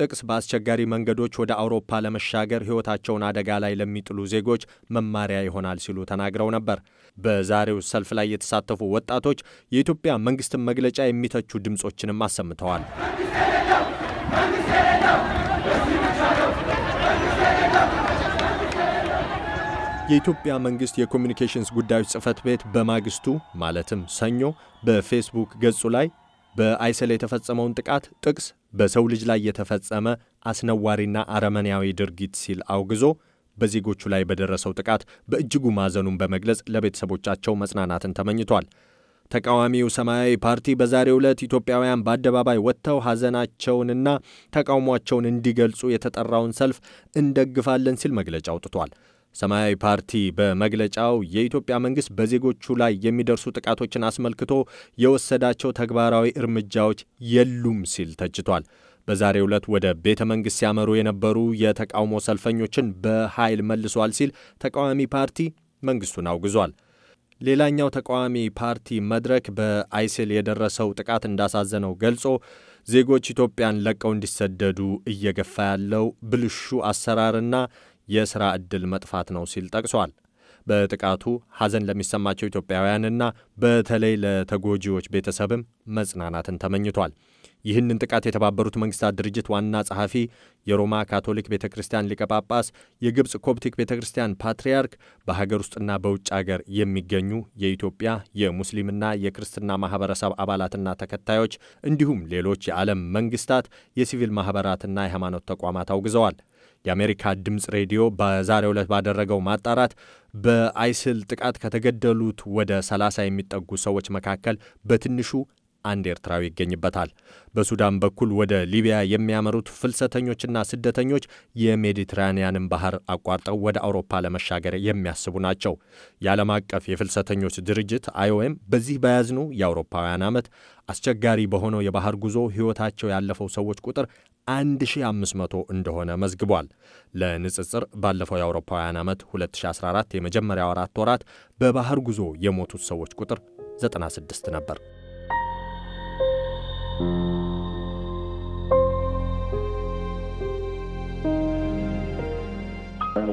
[SPEAKER 8] ጥቅስ በአስቸጋሪ መንገዶች ወደ አውሮፓ ለመሻገር ሕይወታቸውን አደጋ ላይ ለሚጥሉ ዜጎች መማሪያ ይሆናል ሲሉ ተናግረው ነበር። በዛሬው ሰልፍ ላይ የተሳተፉ ወጣቶች የኢትዮጵያ መንግሥትን መግለጫ የሚተቹ ድምፆችንም አሰምተዋል። የኢትዮጵያ መንግሥት የኮሚኒኬሽንስ ጉዳዮች ጽፈት ቤት በማግስቱ ማለትም ሰኞ በፌስቡክ ገጹ ላይ በአይሰል የተፈጸመውን ጥቃት ጥቅስ በሰው ልጅ ላይ የተፈጸመ አስነዋሪና አረመኔያዊ ድርጊት ሲል አውግዞ በዜጎቹ ላይ በደረሰው ጥቃት በእጅጉ ማዘኑን በመግለጽ ለቤተሰቦቻቸው መጽናናትን ተመኝቷል። ተቃዋሚው ሰማያዊ ፓርቲ በዛሬ ዕለት ኢትዮጵያውያን በአደባባይ ወጥተው ሐዘናቸውንና ተቃውሟቸውን እንዲገልጹ የተጠራውን ሰልፍ እንደግፋለን ሲል መግለጫ አውጥቷል። ሰማያዊ ፓርቲ በመግለጫው የኢትዮጵያ መንግሥት በዜጎቹ ላይ የሚደርሱ ጥቃቶችን አስመልክቶ የወሰዳቸው ተግባራዊ እርምጃዎች የሉም ሲል ተችቷል። በዛሬ ዕለት ወደ ቤተ መንግሥት ሲያመሩ የነበሩ የተቃውሞ ሰልፈኞችን በኃይል መልሷል ሲል ተቃዋሚ ፓርቲ መንግሥቱን አውግዟል። ሌላኛው ተቃዋሚ ፓርቲ መድረክ በአይሲል የደረሰው ጥቃት እንዳሳዘነው ገልጾ ዜጎች ኢትዮጵያን ለቀው እንዲሰደዱ እየገፋ ያለው ብልሹ አሰራርና የሥራ ዕድል መጥፋት ነው ሲል ጠቅሷል። በጥቃቱ ሐዘን ለሚሰማቸው ኢትዮጵያውያንና በተለይ ለተጎጂዎች ቤተሰብም መጽናናትን ተመኝቷል። ይህንን ጥቃት የተባበሩት መንግስታት ድርጅት ዋና ጸሐፊ፣ የሮማ ካቶሊክ ቤተ ክርስቲያን ሊቀ ጳጳስ፣ የግብፅ ኮፕቲክ ቤተ ክርስቲያን ፓትርያርክ፣ በሀገር ውስጥና በውጭ አገር የሚገኙ የኢትዮጵያ የሙስሊምና የክርስትና ማኅበረሰብ አባላትና ተከታዮች እንዲሁም ሌሎች የዓለም መንግስታት፣ የሲቪል ማኅበራትና የሃይማኖት ተቋማት አውግዘዋል። የአሜሪካ ድምፅ ሬዲዮ በዛሬው ዕለት ባደረገው ማጣራት በአይስል ጥቃት ከተገደሉት ወደ 30 የሚጠጉ ሰዎች መካከል በትንሹ አንድ ኤርትራዊ ይገኝበታል። በሱዳን በኩል ወደ ሊቢያ የሚያመሩት ፍልሰተኞችና ስደተኞች የሜዲትራንያንን ባህር አቋርጠው ወደ አውሮፓ ለመሻገር የሚያስቡ ናቸው። የዓለም አቀፍ የፍልሰተኞች ድርጅት አይኦኤም በዚህ በያዝኑ የአውሮፓውያን ዓመት አስቸጋሪ በሆነው የባህር ጉዞ ሕይወታቸው ያለፈው ሰዎች ቁጥር 1500 እንደሆነ መዝግቧል። ለንጽጽር ባለፈው የአውሮፓውያን ዓመት 2014 የመጀመሪያ አራት ወራት በባህር ጉዞ የሞቱት ሰዎች ቁጥር 96 ነበር።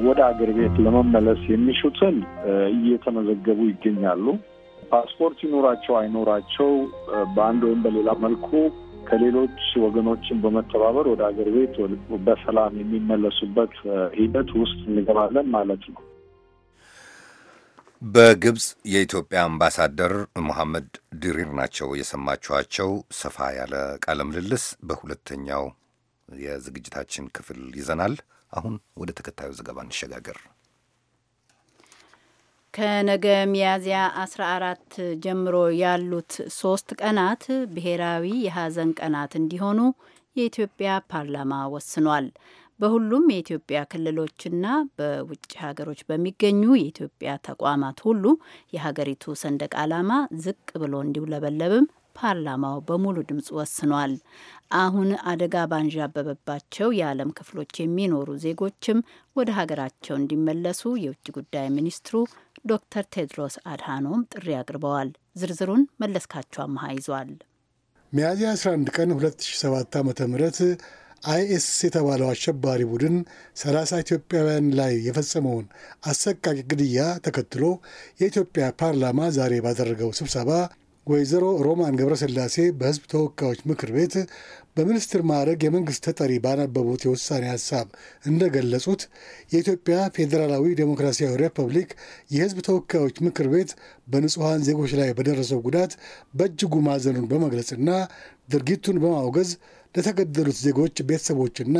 [SPEAKER 10] ወደ አገር ቤት ለመመለስ የሚሹትን እየተመዘገቡ ይገኛሉ። ፓስፖርት ይኖራቸው አይኖራቸው በአንድ ወይም በሌላ መልኩ ከሌሎች ወገኖችን በመተባበር ወደ አገር ቤት በሰላም የሚመለሱበት ሂደት ውስጥ እንገባለን ማለት ነው።
[SPEAKER 2] በግብፅ የኢትዮጵያ አምባሳደር መሐመድ ድሪር ናቸው የሰማችኋቸው። ሰፋ ያለ ቃለ ምልልስ በሁለተኛው የዝግጅታችን ክፍል ይዘናል። አሁን ወደ ተከታዩ ዘገባ እንሸጋገር።
[SPEAKER 1] ከነገ ሚያዝያ 14 ጀምሮ ያሉት ሶስት ቀናት ብሔራዊ የሐዘን ቀናት እንዲሆኑ የኢትዮጵያ ፓርላማ ወስኗል። በሁሉም የኢትዮጵያ ክልሎችና በውጭ ሀገሮች በሚገኙ የኢትዮጵያ ተቋማት ሁሉ የሀገሪቱ ሰንደቅ ዓላማ ዝቅ ብሎ እንዲውለበለብም ፓርላማው በሙሉ ድምፅ ወስኗል። አሁን አደጋ ባንዣበበባቸው የዓለም ክፍሎች የሚኖሩ ዜጎችም ወደ ሀገራቸው እንዲመለሱ የውጭ ጉዳይ ሚኒስትሩ ዶክተር ቴድሮስ አድሃኖም ጥሪ አቅርበዋል። ዝርዝሩን መለስካቸው አመሃ ይዟል።
[SPEAKER 11] ሚያዝያ 11 ቀን 2007 ዓ ም አይኤስ የተባለው አሸባሪ ቡድን 30 ኢትዮጵያውያን ላይ የፈጸመውን አሰቃቂ ግድያ ተከትሎ የኢትዮጵያ ፓርላማ ዛሬ ባደረገው ስብሰባ ወይዘሮ ሮማን ገብረስላሴ በህዝብ ተወካዮች ምክር ቤት በሚኒስትር ማዕረግ የመንግሥት ተጠሪ ባነበቡት የውሳኔ ሐሳብ እንደገለጹት የኢትዮጵያ ፌዴራላዊ ዴሞክራሲያዊ ሪፐብሊክ የህዝብ ተወካዮች ምክር ቤት በንጹሐን ዜጎች ላይ በደረሰው ጉዳት በእጅጉ ማዘኑን በመግለጽና ድርጊቱን በማውገዝ ለተገደሉት ዜጎች ቤተሰቦችና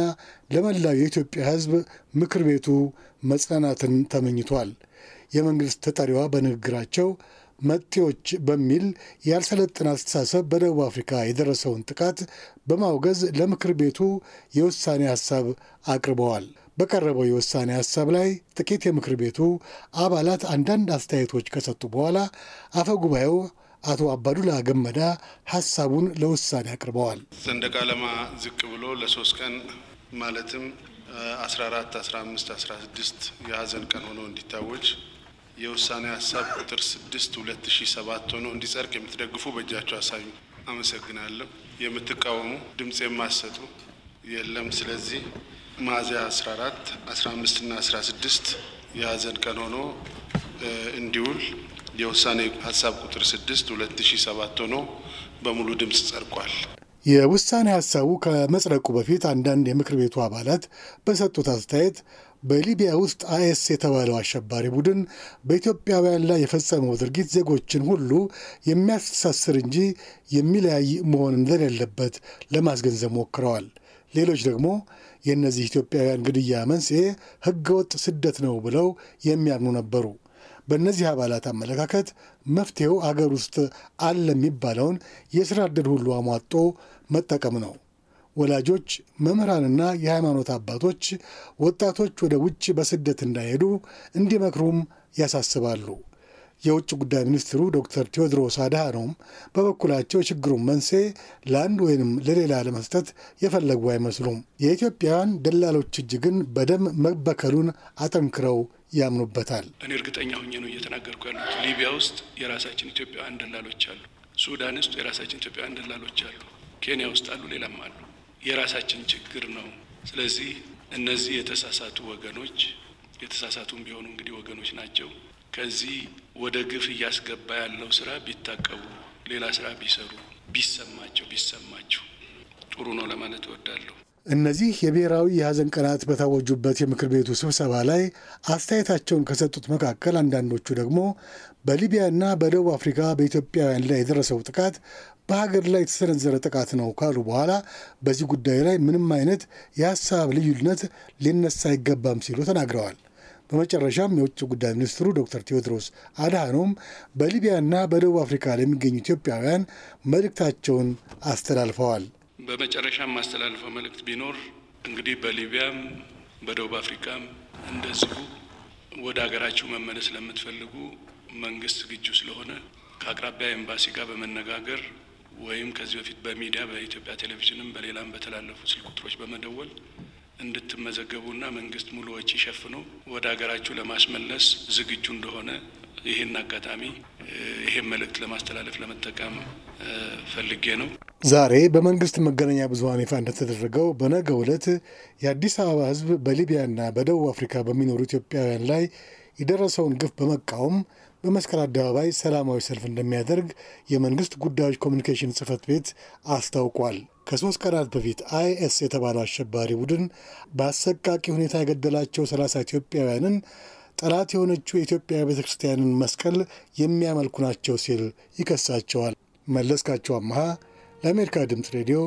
[SPEAKER 11] ለመላው የኢትዮጵያ ህዝብ ምክር ቤቱ መጽናናትን ተመኝቷል። የመንግሥት ተጠሪዋ በንግግራቸው መጤዎች በሚል ያልሰለጠነ አስተሳሰብ በደቡብ አፍሪካ የደረሰውን ጥቃት በማውገዝ ለምክር ቤቱ የውሳኔ ሀሳብ አቅርበዋል። በቀረበው የውሳኔ ሀሳብ ላይ ጥቂት የምክር ቤቱ አባላት አንዳንድ አስተያየቶች ከሰጡ በኋላ አፈ ጉባኤው አቶ አባዱላ ገመዳ ሀሳቡን ለውሳኔ አቅርበዋል።
[SPEAKER 3] ሰንደቅ ዓላማ ዝቅ ብሎ ለሶስት ቀን ማለትም 14፣ 15፣ 16 የሀዘን ቀን ሆኖ እንዲታወጅ የውሳኔ ሀሳብ ቁጥር 6 2007 ሆኖ እንዲጸድቅ የምትደግፉ በእጃቸው አሳዩ። አመሰግናለሁ። የምትቃወሙ ድምፅ የማሰጡ የለም። ስለዚህ ሚያዝያ 14፣ 15 እና 16 የሀዘን ቀን ሆኖ እንዲውል የውሳኔ ሀሳብ ቁጥር 6 2007 ሆኖ በሙሉ ድምፅ ጸድቋል።
[SPEAKER 11] የውሳኔ ሀሳቡ ከመጽደቁ በፊት አንዳንድ የምክር ቤቱ አባላት በሰጡት አስተያየት በሊቢያ ውስጥ አይኤስ የተባለው አሸባሪ ቡድን በኢትዮጵያውያን ላይ የፈጸመው ድርጊት ዜጎችን ሁሉ የሚያስተሳስር እንጂ የሚለያይ መሆን እንደሌለበት ለማስገንዘብ ሞክረዋል። ሌሎች ደግሞ የእነዚህ ኢትዮጵያውያን ግድያ መንስኤ ህገወጥ ስደት ነው ብለው የሚያምኑ ነበሩ። በእነዚህ አባላት አመለካከት መፍትሄው አገር ውስጥ አለ የሚባለውን የስራ ዕድል ሁሉ አሟጦ መጠቀም ነው። ወላጆች፣ መምህራንና የሃይማኖት አባቶች ወጣቶች ወደ ውጭ በስደት እንዳይሄዱ እንዲመክሩም ያሳስባሉ። የውጭ ጉዳይ ሚኒስትሩ ዶክተር ቴዎድሮስ አድሃኖም በበኩላቸው የችግሩን መንስኤ ለአንድ ወይንም ለሌላ ለመስጠት የፈለጉ አይመስሉም። የኢትዮጵያውያን ደላሎች እጅ ግን በደም መበከሉን አጠንክረው ያምኑበታል።
[SPEAKER 12] እኔ እርግጠኛ ሆኜ ነው እየተናገርኩ ያሉት። ሊቢያ ውስጥ የራሳችን ኢትዮጵያውያን ደላሎች አሉ። ሱዳን ውስጥ የራሳችን ኢትዮጵያውያን ደላሎች አሉ። ኬንያ ውስጥ አሉ፣ ሌላም አሉ። የራሳችን ችግር ነው። ስለዚህ እነዚህ የተሳሳቱ ወገኖች የተሳሳቱም ቢሆኑ እንግዲህ ወገኖች ናቸው። ከዚህ ወደ ግፍ እያስገባ ያለው ስራ ቢታቀቡ፣ ሌላ ስራ ቢሰሩ፣ ቢሰማቸው ቢሰማቸው ጥሩ ነው ለማለት እወዳለሁ።
[SPEAKER 11] እነዚህ የብሔራዊ የሐዘን ቀናት በታወጁበት የምክር ቤቱ ስብሰባ ላይ አስተያየታቸውን ከሰጡት መካከል አንዳንዶቹ ደግሞ በሊቢያና በደቡብ አፍሪካ በኢትዮጵያውያን ላይ የደረሰው ጥቃት በሀገር ላይ የተሰነዘረ ጥቃት ነው ካሉ በኋላ በዚህ ጉዳይ ላይ ምንም አይነት የሀሳብ ልዩነት ሊነሳ አይገባም ሲሉ ተናግረዋል። በመጨረሻም የውጭ ጉዳይ ሚኒስትሩ ዶክተር ቴዎድሮስ አድሃኖም በሊቢያና በደቡብ አፍሪካ ለሚገኙ ኢትዮጵያውያን መልእክታቸውን አስተላልፈዋል።
[SPEAKER 12] በመጨረሻም ማስተላልፈው መልእክት ቢኖር እንግዲህ በሊቢያም በደቡብ አፍሪካም እንደዚሁ ወደ ሀገራችሁ መመለስ ለምትፈልጉ መንግስት ዝግጁ ስለሆነ ከአቅራቢያ ኤምባሲ ጋር በመነጋገር ወይም ከዚህ በፊት በሚዲያ በኢትዮጵያ ቴሌቪዥንም በሌላም በተላለፉ ስልክ ቁጥሮች በመደወል እንድትመዘገቡና መንግስት ሙሉ ወጪ ሸፍኖ ወደ ሀገራችሁ ለማስመለስ ዝግጁ እንደሆነ ይህን አጋጣሚ ይህን መልእክት ለማስተላለፍ ለመጠቀም ፈልጌ ነው።
[SPEAKER 11] ዛሬ በመንግስት መገናኛ ብዙሀን ይፋ እንደተደረገው በነገ ዕለት የአዲስ አበባ ህዝብ በሊቢያና በደቡብ አፍሪካ በሚኖሩ ኢትዮጵያውያን ላይ የደረሰውን ግፍ በመቃወም በመስቀል አደባባይ ሰላማዊ ሰልፍ እንደሚያደርግ የመንግስት ጉዳዮች ኮሚኒኬሽን ጽህፈት ቤት አስታውቋል። ከሶስት ቀናት በፊት አይኤስ የተባለው አሸባሪ ቡድን በአሰቃቂ ሁኔታ የገደላቸው ሰላሳ ኢትዮጵያውያንን ጠላት የሆነችው የኢትዮጵያ ቤተ ክርስቲያንን መስቀል የሚያመልኩ ናቸው ሲል ይከሳቸዋል። መለስካቸው አመሃ ለአሜሪካ ድምፅ ሬዲዮ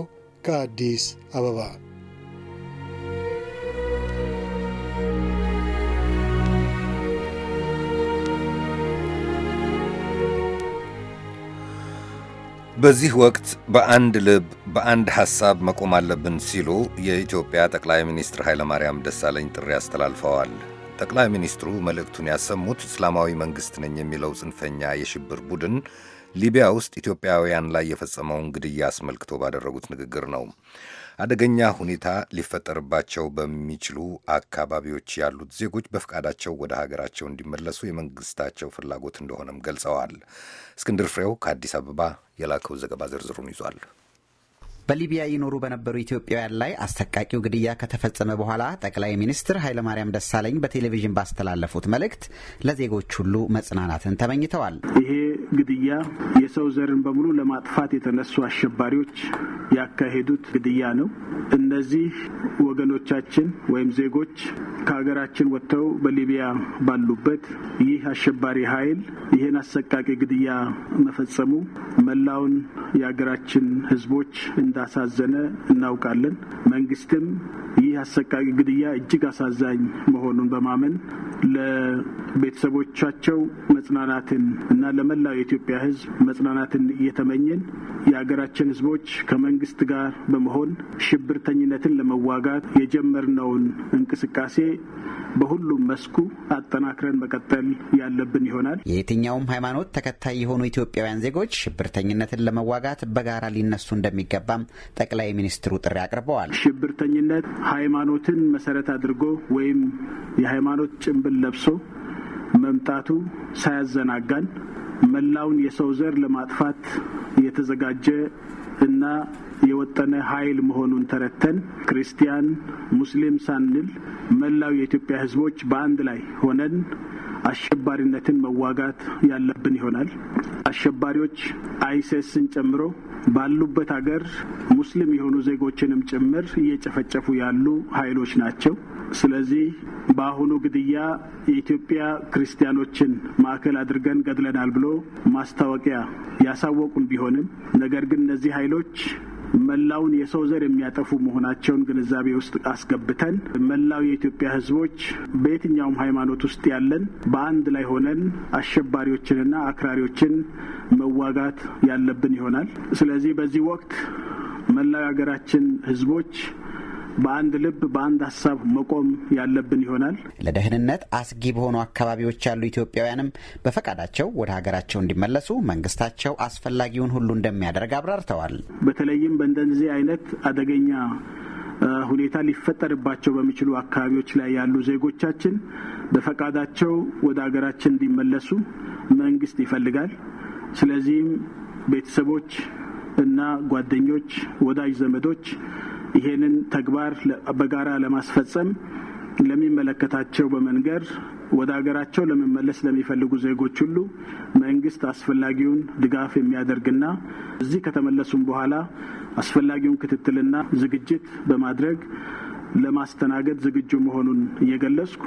[SPEAKER 11] ከአዲስ አበባ
[SPEAKER 2] በዚህ ወቅት በአንድ ልብ በአንድ ሐሳብ መቆም አለብን ሲሉ የኢትዮጵያ ጠቅላይ ሚኒስትር ኃይለማርያም ደሳለኝ ጥሪ አስተላልፈዋል። ጠቅላይ ሚኒስትሩ መልእክቱን ያሰሙት እስላማዊ መንግሥት ነኝ የሚለው ጽንፈኛ የሽብር ቡድን ሊቢያ ውስጥ ኢትዮጵያውያን ላይ የፈጸመውን ግድያ አስመልክቶ ባደረጉት ንግግር ነው። አደገኛ ሁኔታ ሊፈጠርባቸው በሚችሉ አካባቢዎች ያሉት ዜጎች በፍቃዳቸው ወደ ሀገራቸው እንዲመለሱ የመንግስታቸው ፍላጎት እንደሆነም ገልጸዋል። እስክንድር ፍሬው ከአዲስ አበባ የላከው ዘገባ ዝርዝሩን ይዟል።
[SPEAKER 6] በሊቢያ ይኖሩ በነበሩ ኢትዮጵያውያን ላይ አስተቃቂው ግድያ ከተፈጸመ በኋላ ጠቅላይ ሚኒስትር ኃይለማርያም ደሳለኝ በቴሌቪዥን ባስተላለፉት መልእክት ለዜጎች ሁሉ መጽናናትን ተመኝተዋል።
[SPEAKER 3] ይሄ ግድያ የሰው ዘርን በሙሉ ለማጥፋት የተነሱ አሸባሪዎች ያካሄዱት ግድያ ነው። እነዚህ ወገኖቻችን ወይም ዜጎች ከሀገራችን ወጥተው በሊቢያ ባሉበት ይህ አሸባሪ ኃይል ይህን አሰቃቂ ግድያ መፈጸሙ መላውን የሀገራችን ሕዝቦች እንዳሳዘነ እናውቃለን። መንግስትም ይህ አሰቃቂ ግድያ እጅግ አሳዛኝ መሆኑን በማመን ለቤተሰቦቻቸው መጽናናትን እና ለመላ ለመላው የኢትዮጵያ ሕዝብ መጽናናትን እየተመኘን የሀገራችን ሕዝቦች ከመንግስት ጋር በመሆን ሽብርተኝነትን ለመዋጋት የጀመርነውን እንቅስቃሴ በሁሉም መስኩ አጠናክረን መቀጠል ያለብን ይሆናል።
[SPEAKER 6] የየትኛውም ሃይማኖት ተከታይ የሆኑ ኢትዮጵያውያን ዜጎች ሽብርተኝነትን ለመዋጋት በጋራ ሊነሱ እንደሚገባም ጠቅላይ ሚኒስትሩ ጥሪ አቅርበዋል።
[SPEAKER 3] ሽብርተኝነት ሃይማኖትን መሰረት አድርጎ ወይም የሃይማኖት ጭንብል ለብሶ መምጣቱ ሳያዘናጋን መላውን የሰው ዘር ለማጥፋት የተዘጋጀ እና የወጠነ ኃይል መሆኑን ተረተን ክርስቲያን፣ ሙስሊም ሳንል መላው የኢትዮጵያ ሕዝቦች በአንድ ላይ ሆነን አሸባሪነትን መዋጋት ያለብን ይሆናል። አሸባሪዎች አይሴስን ጨምሮ ባሉበት ሀገር ሙስሊም የሆኑ ዜጎችንም ጭምር እየጨፈጨፉ ያሉ ኃይሎች ናቸው። ስለዚህ በአሁኑ ግድያ የኢትዮጵያ ክርስቲያኖችን ማዕከል አድርገን ገድለናል ብሎ ማስታወቂያ ያሳወቁን ቢሆንም ነገር ግን እነዚህ ኃይሎች መላውን የሰው ዘር የሚያጠፉ መሆናቸውን ግንዛቤ ውስጥ አስገብተን መላው የኢትዮጵያ ሕዝቦች በየትኛውም ሃይማኖት ውስጥ ያለን በአንድ ላይ ሆነን አሸባሪዎችንና አክራሪዎችን መዋጋት ያለብን ይሆናል። ስለዚህ በዚህ ወቅት መላው የሀገራችን ሕዝቦች በአንድ ልብ በአንድ ሀሳብ መቆም ያለብን ይሆናል።
[SPEAKER 6] ለደህንነት አስጊ በሆኑ አካባቢዎች ያሉ ኢትዮጵያውያንም በፈቃዳቸው ወደ ሀገራቸው እንዲመለሱ መንግስታቸው አስፈላጊውን ሁሉ እንደሚያደርግ አብራርተዋል።
[SPEAKER 3] በተለይም በእንደዚህ አይነት አደገኛ ሁኔታ ሊፈጠርባቸው በሚችሉ አካባቢዎች ላይ ያሉ ዜጎቻችን በፈቃዳቸው ወደ ሀገራችን እንዲመለሱ መንግስት ይፈልጋል። ስለዚህም ቤተሰቦች እና ጓደኞች፣ ወዳጅ ዘመዶች ይሄንን ተግባር በጋራ ለማስፈጸም ለሚመለከታቸው በመንገር ወደ ሀገራቸው ለመመለስ ለሚፈልጉ ዜጎች ሁሉ መንግስት አስፈላጊውን ድጋፍ የሚያደርግና እዚህ ከተመለሱም በኋላ አስፈላጊውን ክትትልና ዝግጅት በማድረግ ለማስተናገድ ዝግጁ መሆኑን እየገለጽኩ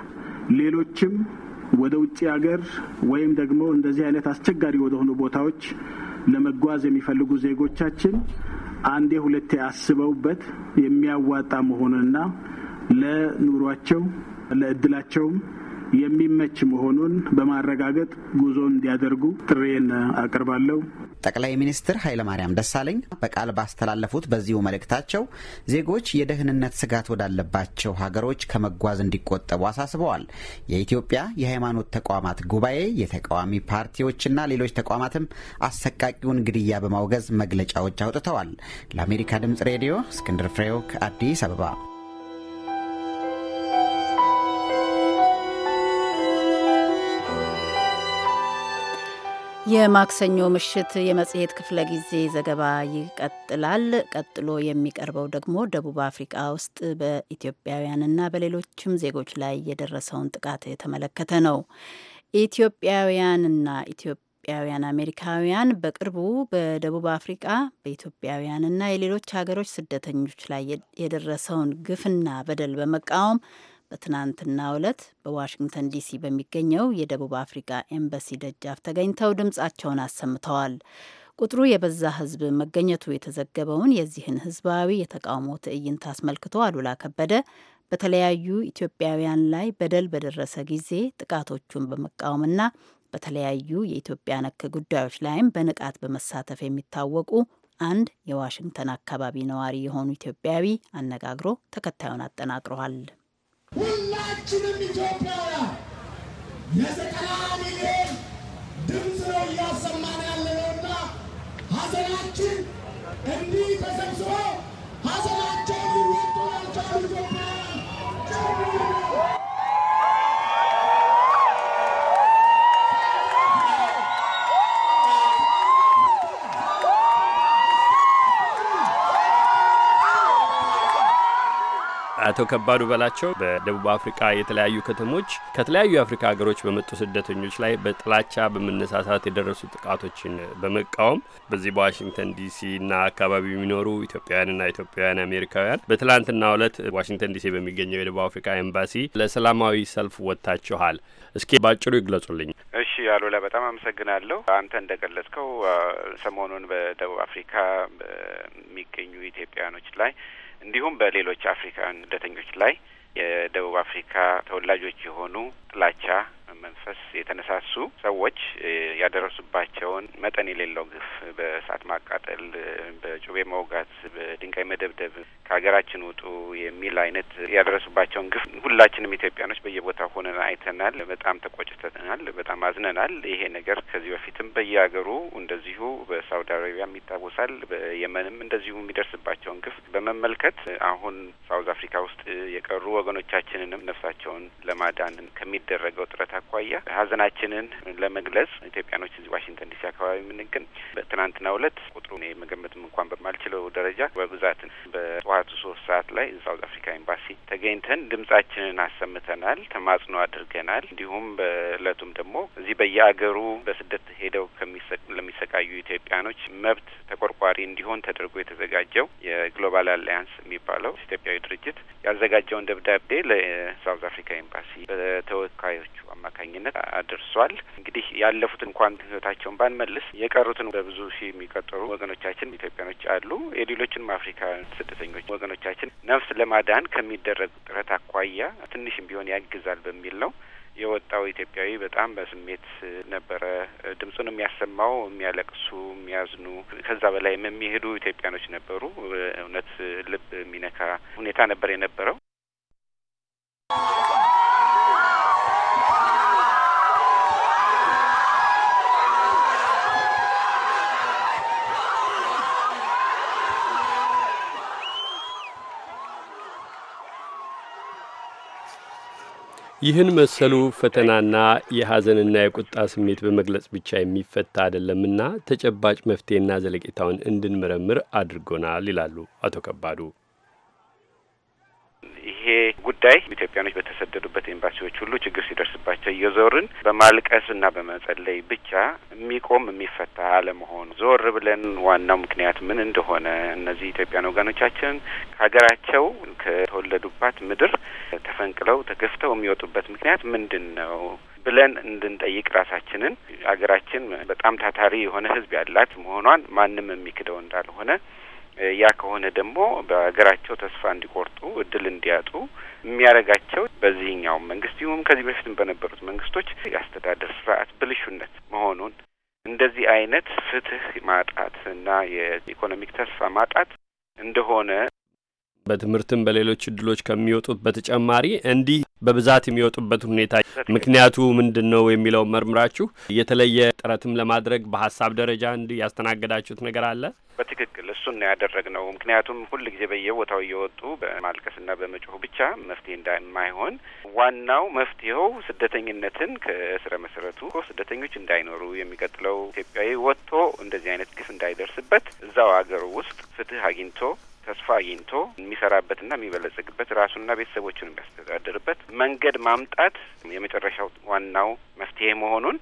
[SPEAKER 3] ሌሎችም ወደ ውጭ ሀገር ወይም ደግሞ እንደዚህ አይነት አስቸጋሪ ወደሆኑ ቦታዎች ለመጓዝ የሚፈልጉ ዜጎቻችን አንዴ ሁለቴ አስበውበት የሚያዋጣ መሆኑንና ለኑሯቸው ለእድላቸውም
[SPEAKER 6] የሚመች መሆኑን በማረጋገጥ ጉዞ እንዲያደርጉ ጥሬን አቀርባለሁ። ጠቅላይ ሚኒስትር ኃይለማርያም ደሳለኝ በቃል ባስተላለፉት በዚሁ መልእክታቸው ዜጎች የደህንነት ስጋት ወዳለባቸው ሀገሮች ከመጓዝ እንዲቆጠቡ አሳስበዋል። የኢትዮጵያ የሃይማኖት ተቋማት ጉባኤ፣ የተቃዋሚ ፓርቲዎችና ሌሎች ተቋማትም አሰቃቂውን ግድያ በማውገዝ መግለጫዎች አውጥተዋል። ለአሜሪካ ድምጽ ሬዲዮ እስክንድር ፍሬው ከአዲስ አበባ
[SPEAKER 1] የማክሰኞ ምሽት የመጽሔት ክፍለ ጊዜ ዘገባ ይቀጥላል። ቀጥሎ የሚቀርበው ደግሞ ደቡብ አፍሪቃ ውስጥ በኢትዮጵያውያንና በሌሎችም ዜጎች ላይ የደረሰውን ጥቃት የተመለከተ ነው። ኢትዮጵያውያንና ኢትዮጵያውያን አሜሪካውያን በቅርቡ በደቡብ አፍሪቃ በኢትዮጵያውያንና የሌሎች ሀገሮች ስደተኞች ላይ የደረሰውን ግፍና በደል በመቃወም በትናንትናው ዕለት በዋሽንግተን ዲሲ በሚገኘው የደቡብ አፍሪካ ኤምባሲ ደጃፍ ተገኝተው ድምጻቸውን አሰምተዋል። ቁጥሩ የበዛ ህዝብ መገኘቱ የተዘገበውን የዚህን ህዝባዊ የተቃውሞ ትዕይንት አስመልክቶ አሉላ ከበደ በተለያዩ ኢትዮጵያውያን ላይ በደል በደረሰ ጊዜ ጥቃቶቹን በመቃወምና በተለያዩ የኢትዮጵያ ነክ ጉዳዮች ላይም በንቃት በመሳተፍ የሚታወቁ አንድ የዋሽንግተን አካባቢ ነዋሪ የሆኑ ኢትዮጵያዊ አነጋግሮ ተከታዩን አጠናቅረዋል።
[SPEAKER 12] ሁላችንም ኢትዮጵያውያን የዘጠና ሚሊዮን ድምፅ ነው እያሰማን ያለነውና ሀዘናችን እንዲህ ተሰብስበው
[SPEAKER 1] ሀዘናቸውን ሊወጡ ያልቻሉ ኢትዮጵያውያን
[SPEAKER 13] አቶ ከባዱ በላቸው በደቡብ አፍሪካ የተለያዩ ከተሞች ከተለያዩ የአፍሪካ ሀገሮች በመጡ ስደተኞች ላይ በጥላቻ በመነሳሳት የደረሱ ጥቃቶችን በመቃወም በዚህ በዋሽንግተን ዲሲና አካባቢ የሚኖሩ ኢትዮጵያውያንና ኢትዮጵያውያን አሜሪካውያን በትላንትናው ዕለት ዋሽንግተን ዲሲ በሚገኘው የደቡብ አፍሪካ ኤምባሲ ለሰላማዊ ሰልፍ ወጥታችኋል። እስኪ ባጭሩ ይግለጹልኝ።
[SPEAKER 9] እሺ አሉላ፣ በጣም አመሰግናለሁ። አንተ እንደገለጽከው ሰሞኑን በደቡብ አፍሪካ በሚገኙ ኢትዮጵያውያኖች ላይ እንዲሁም በሌሎች አፍሪካውያን ስደተኞች ላይ የደቡብ አፍሪካ ተወላጆች የሆኑ ጥላቻ መንፈስ የተነሳሱ ሰዎች ያደረሱባቸውን መጠን የሌለው ግፍ በእሳት ማቃጠል፣ በጩቤ መውጋት፣ በድንጋይ መደብደብ ከሀገራችን ውጡ የሚል አይነት ያደረሱባቸውን ግፍ ሁላችንም ኢትዮጵያኖች በየቦታው ሆነን አይተናል። በጣም ተቆጭተናል። በጣም አዝነናል። ይሄ ነገር ከዚህ በፊትም በየሀገሩ እንደዚሁ በሳውዲ አረቢያም ይታወሳል። በየመንም እንደዚሁ የሚደርስባቸውን ግፍ በመመልከት አሁን ሳውዝ አፍሪካ ውስጥ የቀሩ ወገኖቻችንንም ነፍሳቸውን ለማዳን ከሚደረገው ጥረት አኳያ ሀዘናችንን ለመግለጽ ኢትዮጵያኖች እዚህ ዋሽንግተን ዲሲ አካባቢ የምንገኝ በትናንትናው ዕለት ቁጥሩ መገመትም እንኳን በማልችለው ደረጃ በብዛት በጠዋ ከጠዋቱ ሶስት ሰዓት ላይ እዛው አፍሪካ ኤምባሲ ተገኝተን ድምጻችንን አሰምተናል፣ ተማጽኖ አድርገናል። እንዲሁም በእለቱም ደግሞ እዚህ በየአገሩ በስደት ሄደው ለሚሰቃዩ ኢትዮጵያኖች መብት ተቆርቋሪ እንዲሆን ተደርጎ የተዘጋጀው የግሎባል አሊያንስ የሚባለው ኢትዮጵያዊ ድርጅት ያዘጋጀውን ደብዳቤ ለሳውዝ አፍሪካ ኤምባሲ በተወካዮቹ አማካኝነት አድርሷል። እንግዲህ ያለፉት እንኳን ህይወታቸውን ባንመልስ የቀሩትን በብዙ ሺህ የሚቆጠሩ ወገኖቻችን ኢትዮጵያኖች አሉ። የሌሎችንም አፍሪካ ስደተኞች ወገኖቻችን ነፍስ ለማዳን ከሚደረግ ጥረት አኳያ ትንሽም ቢሆን ያግዛል በሚል ነው የወጣው ኢትዮጵያዊ በጣም በስሜት ነበረ ድምፁን የሚያሰማው። የሚያለቅሱ፣ የሚያዝኑ ከዛ በላይም የሚሄዱ ኢትዮጵያኖች ነበሩ። እውነት ልብ የሚነካ ሁኔታ ነበር የነበረው።
[SPEAKER 13] ይህን መሰሉ ፈተናና የሐዘንና የቁጣ ስሜት በመግለጽ ብቻ የሚፈታ አይደለምና ተጨባጭ መፍትሄና ዘለቄታውን እንድንመረምር አድርጎናል ይላሉ አቶ ከባዱ።
[SPEAKER 9] ይሄ ጉዳይ ኢትዮጵያኖች በተሰደዱበት ኤምባሲዎች ሁሉ ችግር ሲደርስባቸው እየዞርን በማልቀስ እና በመጸለይ ብቻ የሚቆም የሚፈታ አለመሆኑ ዞር ብለን ዋናው ምክንያት ምን እንደሆነ እነዚህ ኢትዮጵያን ወገኖቻችን ከሀገራቸው ከተወለዱባት ምድር ተፈንቅለው ተገፍተው የሚወጡበት ምክንያት ምንድን ነው ብለን እንድንጠይቅ ራሳችንን አገራችን በጣም ታታሪ የሆነ ሕዝብ ያላት መሆኗን ማንም የሚክደው እንዳልሆነ ያ ከሆነ ደግሞ በሀገራቸው ተስፋ እንዲቆርጡ እድል እንዲያጡ የሚያደርጋቸው በዚህኛው መንግስት ይሁም ከዚህ በፊትም በነበሩት መንግስቶች የአስተዳደር ስርዓት ብልሹነት መሆኑን እንደዚህ አይነት ፍትህ ማጣት እና የኢኮኖሚክ ተስፋ ማጣት እንደሆነ
[SPEAKER 13] በትምህርትም በሌሎች እድሎች ከሚወጡት በተጨማሪ እንዲህ በብዛት የሚወጡበት ሁኔታ ምክንያቱ ምንድን ነው የሚለው መርምራችሁ የተለየ ጥረትም ለማድረግ በሀሳብ ደረጃ እንዲህ ያስተናገዳችሁት ነገር አለ?
[SPEAKER 9] በትክክል እሱን ነው ያደረግነው። ምክንያቱም ሁል ጊዜ በየቦታው እየወጡ በማልቀስና በመጮሁ ብቻ መፍትሄ እንደማይሆን ዋናው መፍትሄው ስደተኝነትን ከስረ መሰረቱ ስደተኞች እንዳይኖሩ የሚቀጥለው ኢትዮጵያዊ ወጥቶ እንደዚህ አይነት ግፍ እንዳይደርስበት እዛው ሀገር ውስጥ ፍትህ አግኝቶ ተስፋ አግኝቶ የሚሰራበትና የሚበለጽግበት ራሱና ቤተሰቦቹን የሚያስተዳድርበት መንገድ ማምጣት የመጨረሻው ዋናው መፍትሄ መሆኑን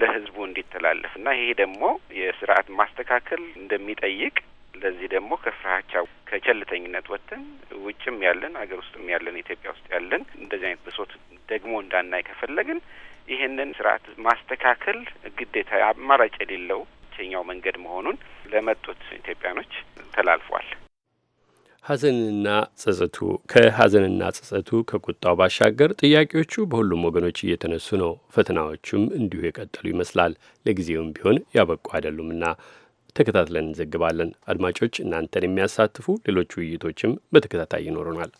[SPEAKER 9] ለህዝቡ እንዲተላለፍ እና ይሄ ደግሞ የስርዓት ማስተካከል እንደሚጠይቅ ለዚህ ደግሞ ከፍራቻው ከቸልተኝነት ወጥተን ውጭም ያለን አገር ውስጥም ያለን ኢትዮጵያ ውስጥ ያለን እንደዚህ አይነት ብሶት ደግሞ እንዳናይ ከፈለግን ይህንን ስርዓት ማስተካከል ግዴታ አማራጭ የሌለው ብቸኛው መንገድ መሆኑን ለመጡት ኢትዮጵያኖች ተላልፏል።
[SPEAKER 13] ሐዘንና ጸጸቱ ከሐዘንና ጸጸቱ ከቁጣው ባሻገር ጥያቄዎቹ በሁሉም ወገኖች እየተነሱ ነው። ፈተናዎቹም እንዲሁ የቀጠሉ ይመስላል። ለጊዜውም ቢሆን ያበቁ አይደሉምና ተከታትለን እንዘግባለን። አድማጮች፣ እናንተን የሚያሳትፉ ሌሎች ውይይቶችም በተከታታይ ይኖሩናል።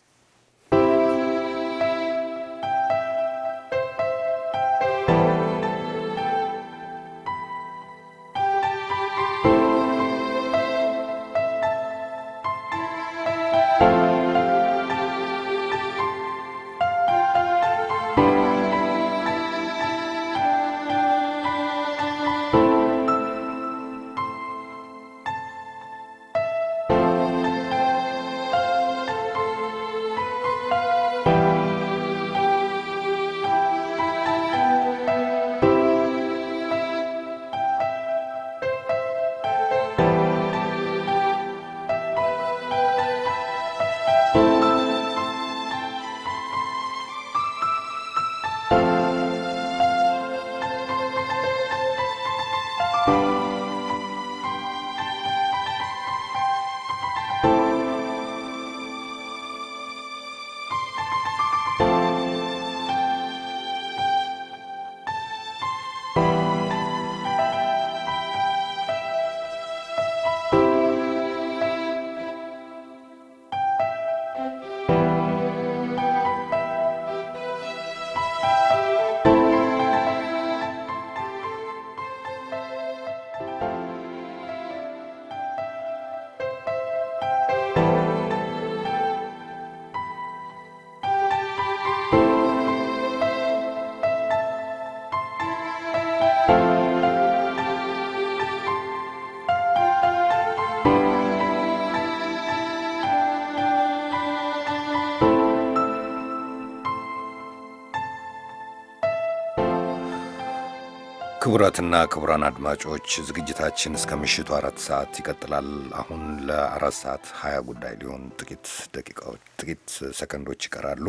[SPEAKER 2] ክቡራትና ክቡራን አድማጮች ዝግጅታችን እስከ ምሽቱ አራት ሰዓት ይቀጥላል። አሁን ለአራት ሰዓት ሀያ ጉዳይ ሊሆን ጥቂት ደቂቃዎች ጥቂት ሰከንዶች ይቀራሉ።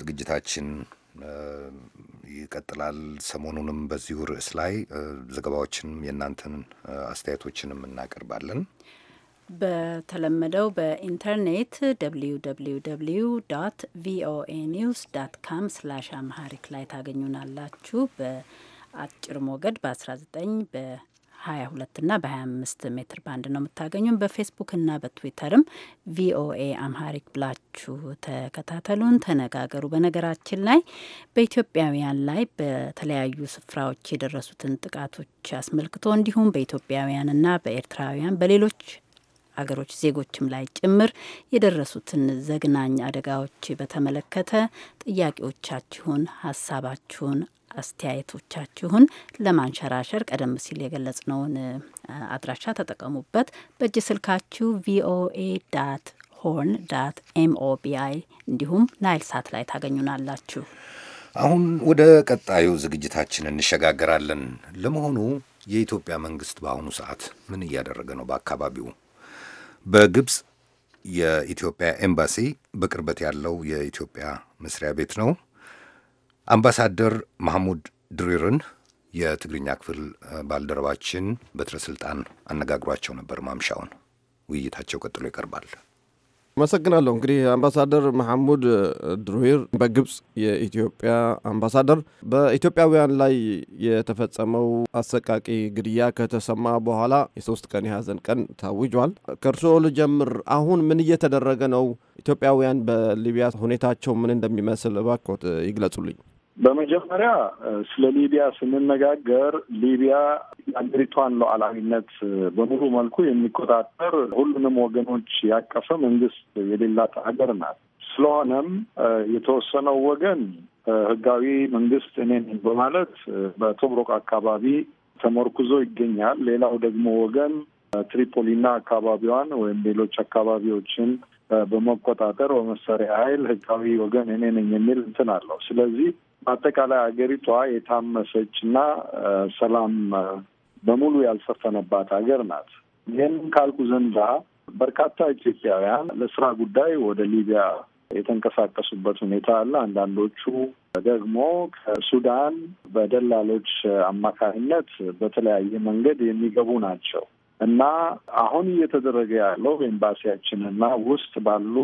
[SPEAKER 2] ዝግጅታችን ይቀጥላል። ሰሞኑንም በዚሁ ርዕስ ላይ ዘገባዎችንም የእናንተን አስተያየቶችንም እናቀርባለን።
[SPEAKER 1] በተለመደው በኢንተርኔት ደብሊው ደብሊው ደብሊው ዶት ቪኦኤ ኒውስ ዶት ካም ስላሽ አምሃሪክ ላይ ታገኙናላችሁ። አጭር ሞገድ በ19 በ22 እና በ25 ሜትር ባንድ ነው የምታገኙን። በፌስቡክ እና በትዊተርም ቪኦኤ አምሃሪክ ብላችሁ ተከታተሉን፣ ተነጋገሩ። በነገራችን ላይ በኢትዮጵያውያን ላይ በተለያዩ ስፍራዎች የደረሱትን ጥቃቶች አስመልክቶ እንዲሁም በኢትዮጵያውያንና በኤርትራውያን በሌሎች አገሮች ዜጎችም ላይ ጭምር የደረሱትን ዘግናኝ አደጋዎች በተመለከተ ጥያቄዎቻችሁን፣ ሀሳባችሁን አስተያየቶቻችሁን ለማንሸራሸር ቀደም ሲል የገለጽነውን አድራሻ ተጠቀሙበት። በእጅ ስልካችሁ ቪኦኤ ዳት ሆርን ዳት ኤምኦቢአይ እንዲሁም ናይል ሳት ላይ ታገኙናላችሁ። አሁን
[SPEAKER 2] ወደ ቀጣዩ ዝግጅታችን እንሸጋገራለን። ለመሆኑ የኢትዮጵያ መንግስት በአሁኑ ሰዓት ምን እያደረገ ነው? በአካባቢው በግብፅ የኢትዮጵያ ኤምባሲ በቅርበት ያለው የኢትዮጵያ መስሪያ ቤት ነው። አምባሳደር ማህሙድ ድሪርን የትግርኛ ክፍል ባልደረባችን በትረ ስልጣን አነጋግሯቸው ነበር ማምሻውን። ውይይታቸው ቀጥሎ ይቀርባል።
[SPEAKER 14] አመሰግናለሁ። እንግዲህ አምባሳደር መሐሙድ ድሩይር በግብፅ የኢትዮጵያ አምባሳደር በኢትዮጵያውያን ላይ የተፈጸመው አሰቃቂ ግድያ ከተሰማ በኋላ የሶስት ቀን የሐዘን ቀን ታውጇል። ከእርስዎ ልጀምር። አሁን ምን እየተደረገ ነው? ኢትዮጵያውያን በሊቢያ ሁኔታቸው ምን እንደሚመስል እባክዎት ይግለጹልኝ።
[SPEAKER 10] በመጀመሪያ ስለ ሊቢያ ስንነጋገር ሊቢያ የአገሪቷን ሉዓላዊነት በሙሉ መልኩ የሚቆጣጠር ሁሉንም ወገኖች ያቀፈ መንግስት የሌላት ሀገር ናት። ስለሆነም የተወሰነው ወገን ህጋዊ መንግስት እኔ ነኝ በማለት በቶብሮቅ አካባቢ ተመርኩዞ ይገኛል። ሌላው ደግሞ ወገን ትሪፖሊና አካባቢዋን ወይም ሌሎች አካባቢዎችን በመቆጣጠር በመሳሪያ ኃይል ህጋዊ ወገን እኔ ነኝ የሚል እንትን አለው። ስለዚህ በአጠቃላይ ሀገሪቷ የታመሰች እና ሰላም በሙሉ ያልሰፈነባት ሀገር ናት። ይህን ካልኩ ዘንዳ በርካታ ኢትዮጵያውያን ለስራ ጉዳይ ወደ ሊቢያ የተንቀሳቀሱበት ሁኔታ አለ። አንዳንዶቹ ደግሞ ከሱዳን በደላሎች አማካኝነት በተለያየ መንገድ የሚገቡ ናቸው እና አሁን እየተደረገ ያለው ኤምባሲያችንና ውስጥ ባሉ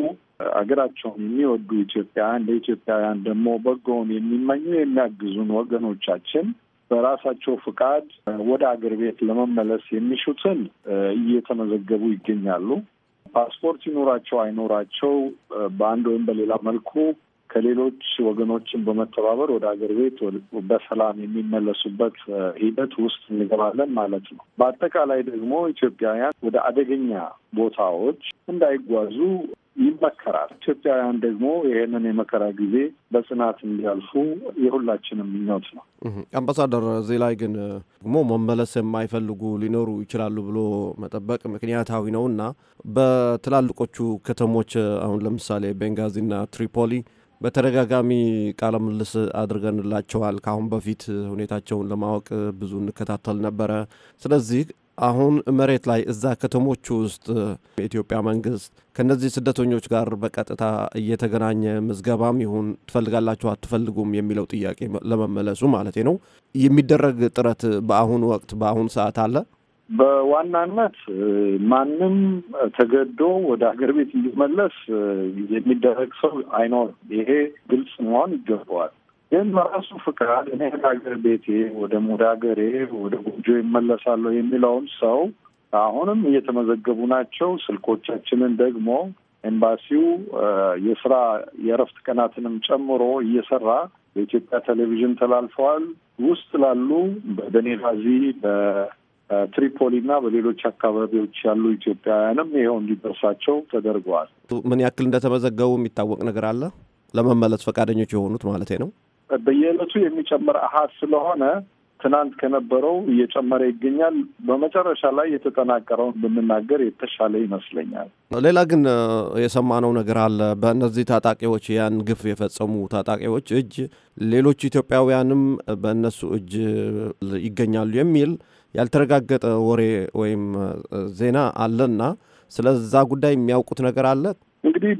[SPEAKER 10] አገራቸውን የሚወዱ ኢትዮጵያውያን ለኢትዮጵያውያን ደግሞ በጎውን የሚመኙ የሚያግዙን ወገኖቻችን በራሳቸው ፍቃድ ወደ አገር ቤት ለመመለስ የሚሹትን እየተመዘገቡ ይገኛሉ። ፓስፖርት ይኖራቸው አይኖራቸው በአንድ ወይም በሌላ መልኩ ከሌሎች ወገኖችን በመተባበር ወደ አገር ቤት በሰላም የሚመለሱበት ሂደት ውስጥ እንገባለን ማለት ነው። በአጠቃላይ ደግሞ ኢትዮጵያውያን ወደ አደገኛ ቦታዎች እንዳይጓዙ ይመከራል። ኢትዮጵያውያን ደግሞ ይህንን የመከራ ጊዜ በጽናት እንዲያልፉ የሁላችንም
[SPEAKER 14] ምኞት ነው። አምባሳደር፣ እዚህ ላይ ግን ደግሞ መመለስ የማይፈልጉ ሊኖሩ ይችላሉ ብሎ መጠበቅ ምክንያታዊ ነው እና በትላልቆቹ ከተሞች አሁን ለምሳሌ ቤንጋዚና ትሪፖሊ በተደጋጋሚ ቃለ ምልልስ አድርገንላቸዋል። ከአሁን በፊት ሁኔታቸውን ለማወቅ ብዙ እንከታተል ነበረ። ስለዚህ አሁን መሬት ላይ እዛ ከተሞች ውስጥ የኢትዮጵያ መንግስት ከእነዚህ ስደተኞች ጋር በቀጥታ እየተገናኘ ምዝገባም ይሁን ትፈልጋላችሁ አትፈልጉም የሚለው ጥያቄ ለመመለሱ ማለት ነው የሚደረግ ጥረት በአሁኑ ወቅት በአሁኑ ሰዓት አለ።
[SPEAKER 10] በዋናነት ማንም ተገዶ ወደ ሀገር ቤት እንዲመለስ የሚደረግ ሰው አይኖርም። ይሄ ግልጽ መሆን ይገባዋል። ግን በራሱ ፍቃድ እኔ ወደ ሀገር ቤቴ ወደ ሙድ ሀገሬ ወደ ጎጆ ይመለሳለሁ የሚለውን ሰው አሁንም እየተመዘገቡ ናቸው። ስልኮቻችንን ደግሞ ኤምባሲው የስራ የእረፍት ቀናትንም ጨምሮ እየሰራ በኢትዮጵያ ቴሌቪዥን ተላልፈዋል። ውስጥ ላሉ በቤንጋዚ በትሪፖሊ እና በሌሎች አካባቢዎች ያሉ ኢትዮጵያውያንም ይኸው እንዲደርሳቸው ተደርገዋል።
[SPEAKER 14] ምን ያክል እንደተመዘገቡ የሚታወቅ ነገር አለ? ለመመለስ ፈቃደኞች የሆኑት ማለት ነው።
[SPEAKER 10] በየዕለቱ የሚጨምር አሀዝ ስለሆነ ትናንት ከነበረው እየጨመረ ይገኛል። በመጨረሻ ላይ የተጠናቀረውን ብንናገር የተሻለ ይመስለኛል።
[SPEAKER 14] ሌላ ግን የሰማነው ነገር አለ። በእነዚህ ታጣቂዎች ያን ግፍ የፈጸሙ ታጣቂዎች እጅ ሌሎች ኢትዮጵያውያንም በእነሱ እጅ ይገኛሉ የሚል ያልተረጋገጠ ወሬ ወይም ዜና አለና ስለዛ ጉዳይ የሚያውቁት ነገር አለ።
[SPEAKER 10] እንግዲህ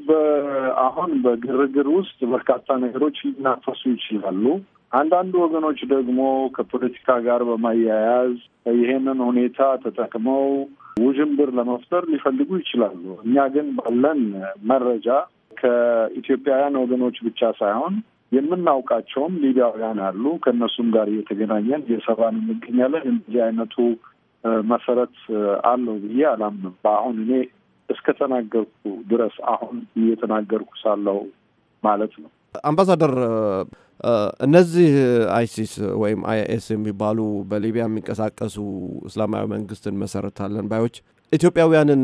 [SPEAKER 10] አሁን በግርግር ውስጥ በርካታ ነገሮች ሊናፈሱ ይችላሉ። አንዳንድ ወገኖች ደግሞ ከፖለቲካ ጋር በማያያዝ ይሄንን ሁኔታ ተጠቅመው ውዥንብር ለመፍጠር ሊፈልጉ ይችላሉ። እኛ ግን ባለን መረጃ ከኢትዮጵያውያን ወገኖች ብቻ ሳይሆን የምናውቃቸውም ሊቢያውያን አሉ። ከእነሱም ጋር እየተገናኘን እየሰራን እንገኛለን። እንደዚህ አይነቱ መሰረት አለው ብዬ አላምንም። በአሁን እኔ እስከተናገርኩ ድረስ አሁን እየተናገርኩ ሳለው
[SPEAKER 14] ማለት ነው። አምባሳደር እነዚህ አይሲስ ወይም አይኤስ የሚባሉ በሊቢያ የሚንቀሳቀሱ እስላማዊ መንግስትን መሰረታለን ባዮች ኢትዮጵያውያንን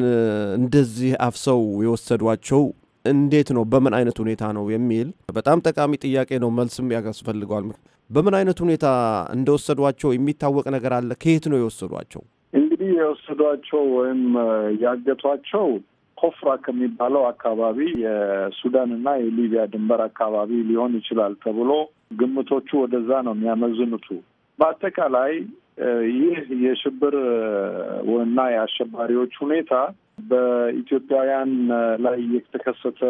[SPEAKER 14] እንደዚህ አፍሰው የወሰዷቸው እንዴት ነው? በምን አይነት ሁኔታ ነው የሚል በጣም ጠቃሚ ጥያቄ ነው። መልስም ያስፈልገዋል። በምን አይነት ሁኔታ እንደወሰዷቸው የሚታወቅ ነገር አለ? ከየት ነው የወሰዷቸው?
[SPEAKER 10] የወሰዷቸው ወይም ያገቷቸው ኮፍራ ከሚባለው አካባቢ የሱዳን እና የሊቢያ ድንበር አካባቢ ሊሆን ይችላል ተብሎ ግምቶቹ ወደዛ ነው የሚያመዝኑቱ። በአጠቃላይ ይህ የሽብር እና የአሸባሪዎች ሁኔታ በኢትዮጵያውያን ላይ እየተከሰተ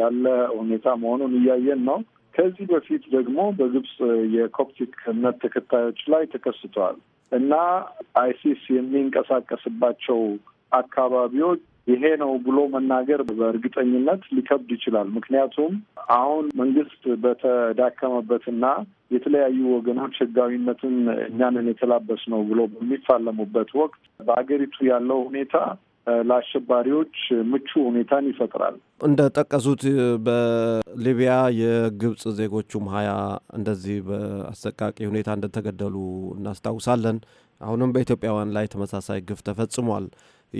[SPEAKER 10] ያለ ሁኔታ መሆኑን እያየን ነው። ከዚህ በፊት ደግሞ በግብፅ የኮፕቲክ እምነት ተከታዮች ላይ ተከስተዋል። እና አይሲስ የሚንቀሳቀስባቸው አካባቢዎች ይሄ ነው ብሎ መናገር በእርግጠኝነት ሊከብድ ይችላል። ምክንያቱም አሁን መንግስት በተዳከመበትና የተለያዩ ወገኖች ህጋዊነትን እኛንን የተላበስ ነው ብሎ በሚፋለሙበት ወቅት በሀገሪቱ ያለው ሁኔታ ለአሸባሪዎች ምቹ ሁኔታን ይፈጥራል።
[SPEAKER 14] እንደ ጠቀሱት በሊቢያ የግብጽ ዜጎቹም ሀያ እንደዚህ በአሰቃቂ ሁኔታ እንደተገደሉ እናስታውሳለን። አሁንም በኢትዮጵያውያን ላይ ተመሳሳይ ግፍ ተፈጽሟል።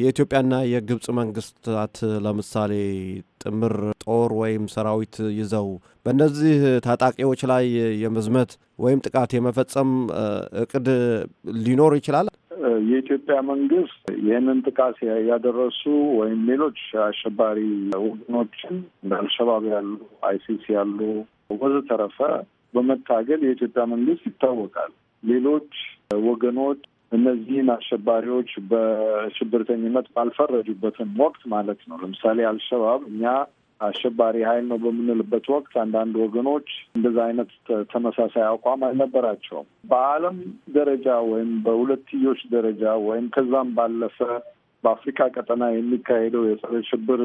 [SPEAKER 14] የኢትዮጵያና የግብጽ መንግስታት ለምሳሌ ጥምር ጦር ወይም ሰራዊት ይዘው በእነዚህ ታጣቂዎች ላይ የመዝመት ወይም ጥቃት የመፈጸም እቅድ ሊኖር ይችላል።
[SPEAKER 10] የኢትዮጵያ መንግስት ይህንን ጥቃት ያደረሱ ወይም ሌሎች አሸባሪ ቡድኖችን እንደ አልሸባብ ያሉ፣ አይሲስ ያሉ ወዘተረፈ በመታገል የኢትዮጵያ መንግስት ይታወቃል። ሌሎች ወገኖች እነዚህን አሸባሪዎች በሽብርተኝነት ባልፈረጁበትን ወቅት ማለት ነው። ለምሳሌ አልሸባብ እኛ አሸባሪ ኃይል ነው በምንልበት ወቅት አንዳንድ ወገኖች እንደዛ አይነት ተመሳሳይ አቋም አልነበራቸውም። በዓለም ደረጃ ወይም በሁለትዮሽ ደረጃ ወይም ከዛም ባለፈ በአፍሪካ ቀጠና የሚካሄደው የጸረ ሽብር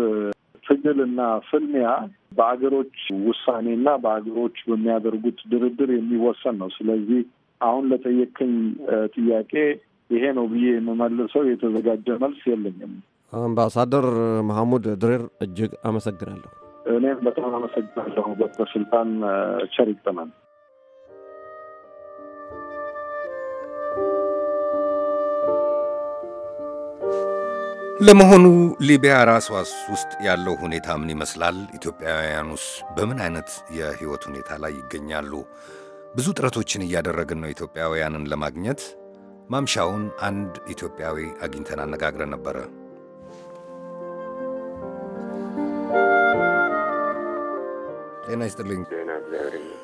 [SPEAKER 10] ትግልና ፍልሚያ በአገሮች ውሳኔና በአገሮች በሚያደርጉት ድርድር የሚወሰን ነው። ስለዚህ አሁን ለጠየቅኝ ጥያቄ ይሄ ነው ብዬ የምመልሰው የተዘጋጀ መልስ የለኝም።
[SPEAKER 14] አምባሳደር መሐሙድ ድሬር እጅግ አመሰግናለሁ።
[SPEAKER 10] እኔም በጣም አመሰግናለሁ። ዶክተር ስልጣን ቸር ይግጠመን።
[SPEAKER 8] ለመሆኑ
[SPEAKER 2] ሊቢያ ራሷስ ውስጥ ያለው ሁኔታ ምን ይመስላል? ኢትዮጵያውያኑስ በምን አይነት የህይወት ሁኔታ ላይ ይገኛሉ? ብዙ ጥረቶችን እያደረግን ነው ኢትዮጵያውያንን ለማግኘት። ማምሻውን አንድ ኢትዮጵያዊ አግኝተን አነጋግረን ነበረ። ጤና ይስጥልኝ።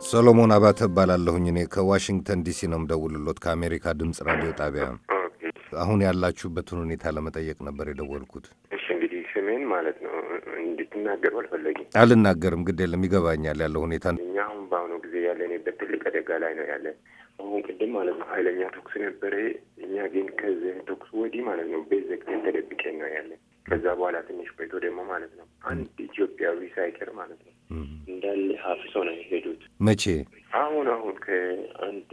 [SPEAKER 2] ሰሎሞን አባተ እባላለሁኝ። እኔ ከዋሽንግተን ዲሲ ነው የምደውልሎት ከአሜሪካ ድምፅ ራዲዮ ጣቢያ። አሁን ያላችሁበትን ሁኔታ ለመጠየቅ ነበር የደወልኩት።
[SPEAKER 7] እሺ፣ እንግዲህ ስሜን ማለት ነው እንድትናገሩ አልፈለግም።
[SPEAKER 2] አልናገርም፣ ግድ የለም ይገባኛል ያለው ሁኔታ። እኛ
[SPEAKER 7] አሁን በአሁኑ ጊዜ ያለንበት ትልቅ አደጋ ላይ ነው ያለን። አሁን ቅድም ማለት ነው ኃይለኛ ተኩስ ነበረ። እኛ ግን ከዚህ ተኩስ ወዲህ ማለት ነው ቤት ዘግተን ተደብቄ ነው ያለን ከዛ በኋላ ትንሽ ቆይቶ ደግሞ ማለት ነው አንድ ኢትዮጵያዊ ሳይቀር ማለት ነው እንዳለ ሀፍሰው ነው የሄዱት። መቼ? አሁን አሁን ከአንድ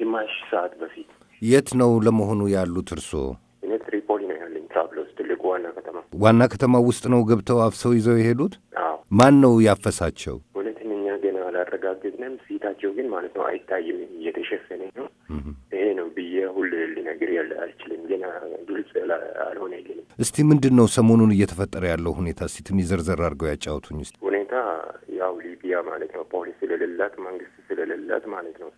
[SPEAKER 7] ግማሽ ሰዓት በፊት።
[SPEAKER 2] የት ነው ለመሆኑ ያሉት እርስዎ?
[SPEAKER 7] እኔ ትሪፖሊ ነው ያለኝ፣ ትራብሎስ ትልቁ ዋና ከተማ። ዋና
[SPEAKER 2] ከተማ ውስጥ ነው ገብተው አፍሰው ይዘው የሄዱት? አዎ። ማን ነው ያፈሳቸው?
[SPEAKER 7] እውነትን እኛ ገና አላረጋገጥንም። ፊታቸው ግን ማለት ነው አይታይም፣ እየተሸፈነ ነው። ይሄ ነው ብዬ ሁሉ ልነግር አልችልም፣ ገና ግልጽ አልሆነልንም።
[SPEAKER 2] እስቲ ምንድን ነው ሰሞኑን እየተፈጠረ ያለው ሁኔታ? እስቲ ትንሽ ዘርዘር አድርገው ያጫወቱኝ።
[SPEAKER 7] ስ ሁኔታ ያው ሊቢያ ማለት ነው ፖሊስ ስለሌላት መንግስት ስለሌላት ማለት ነው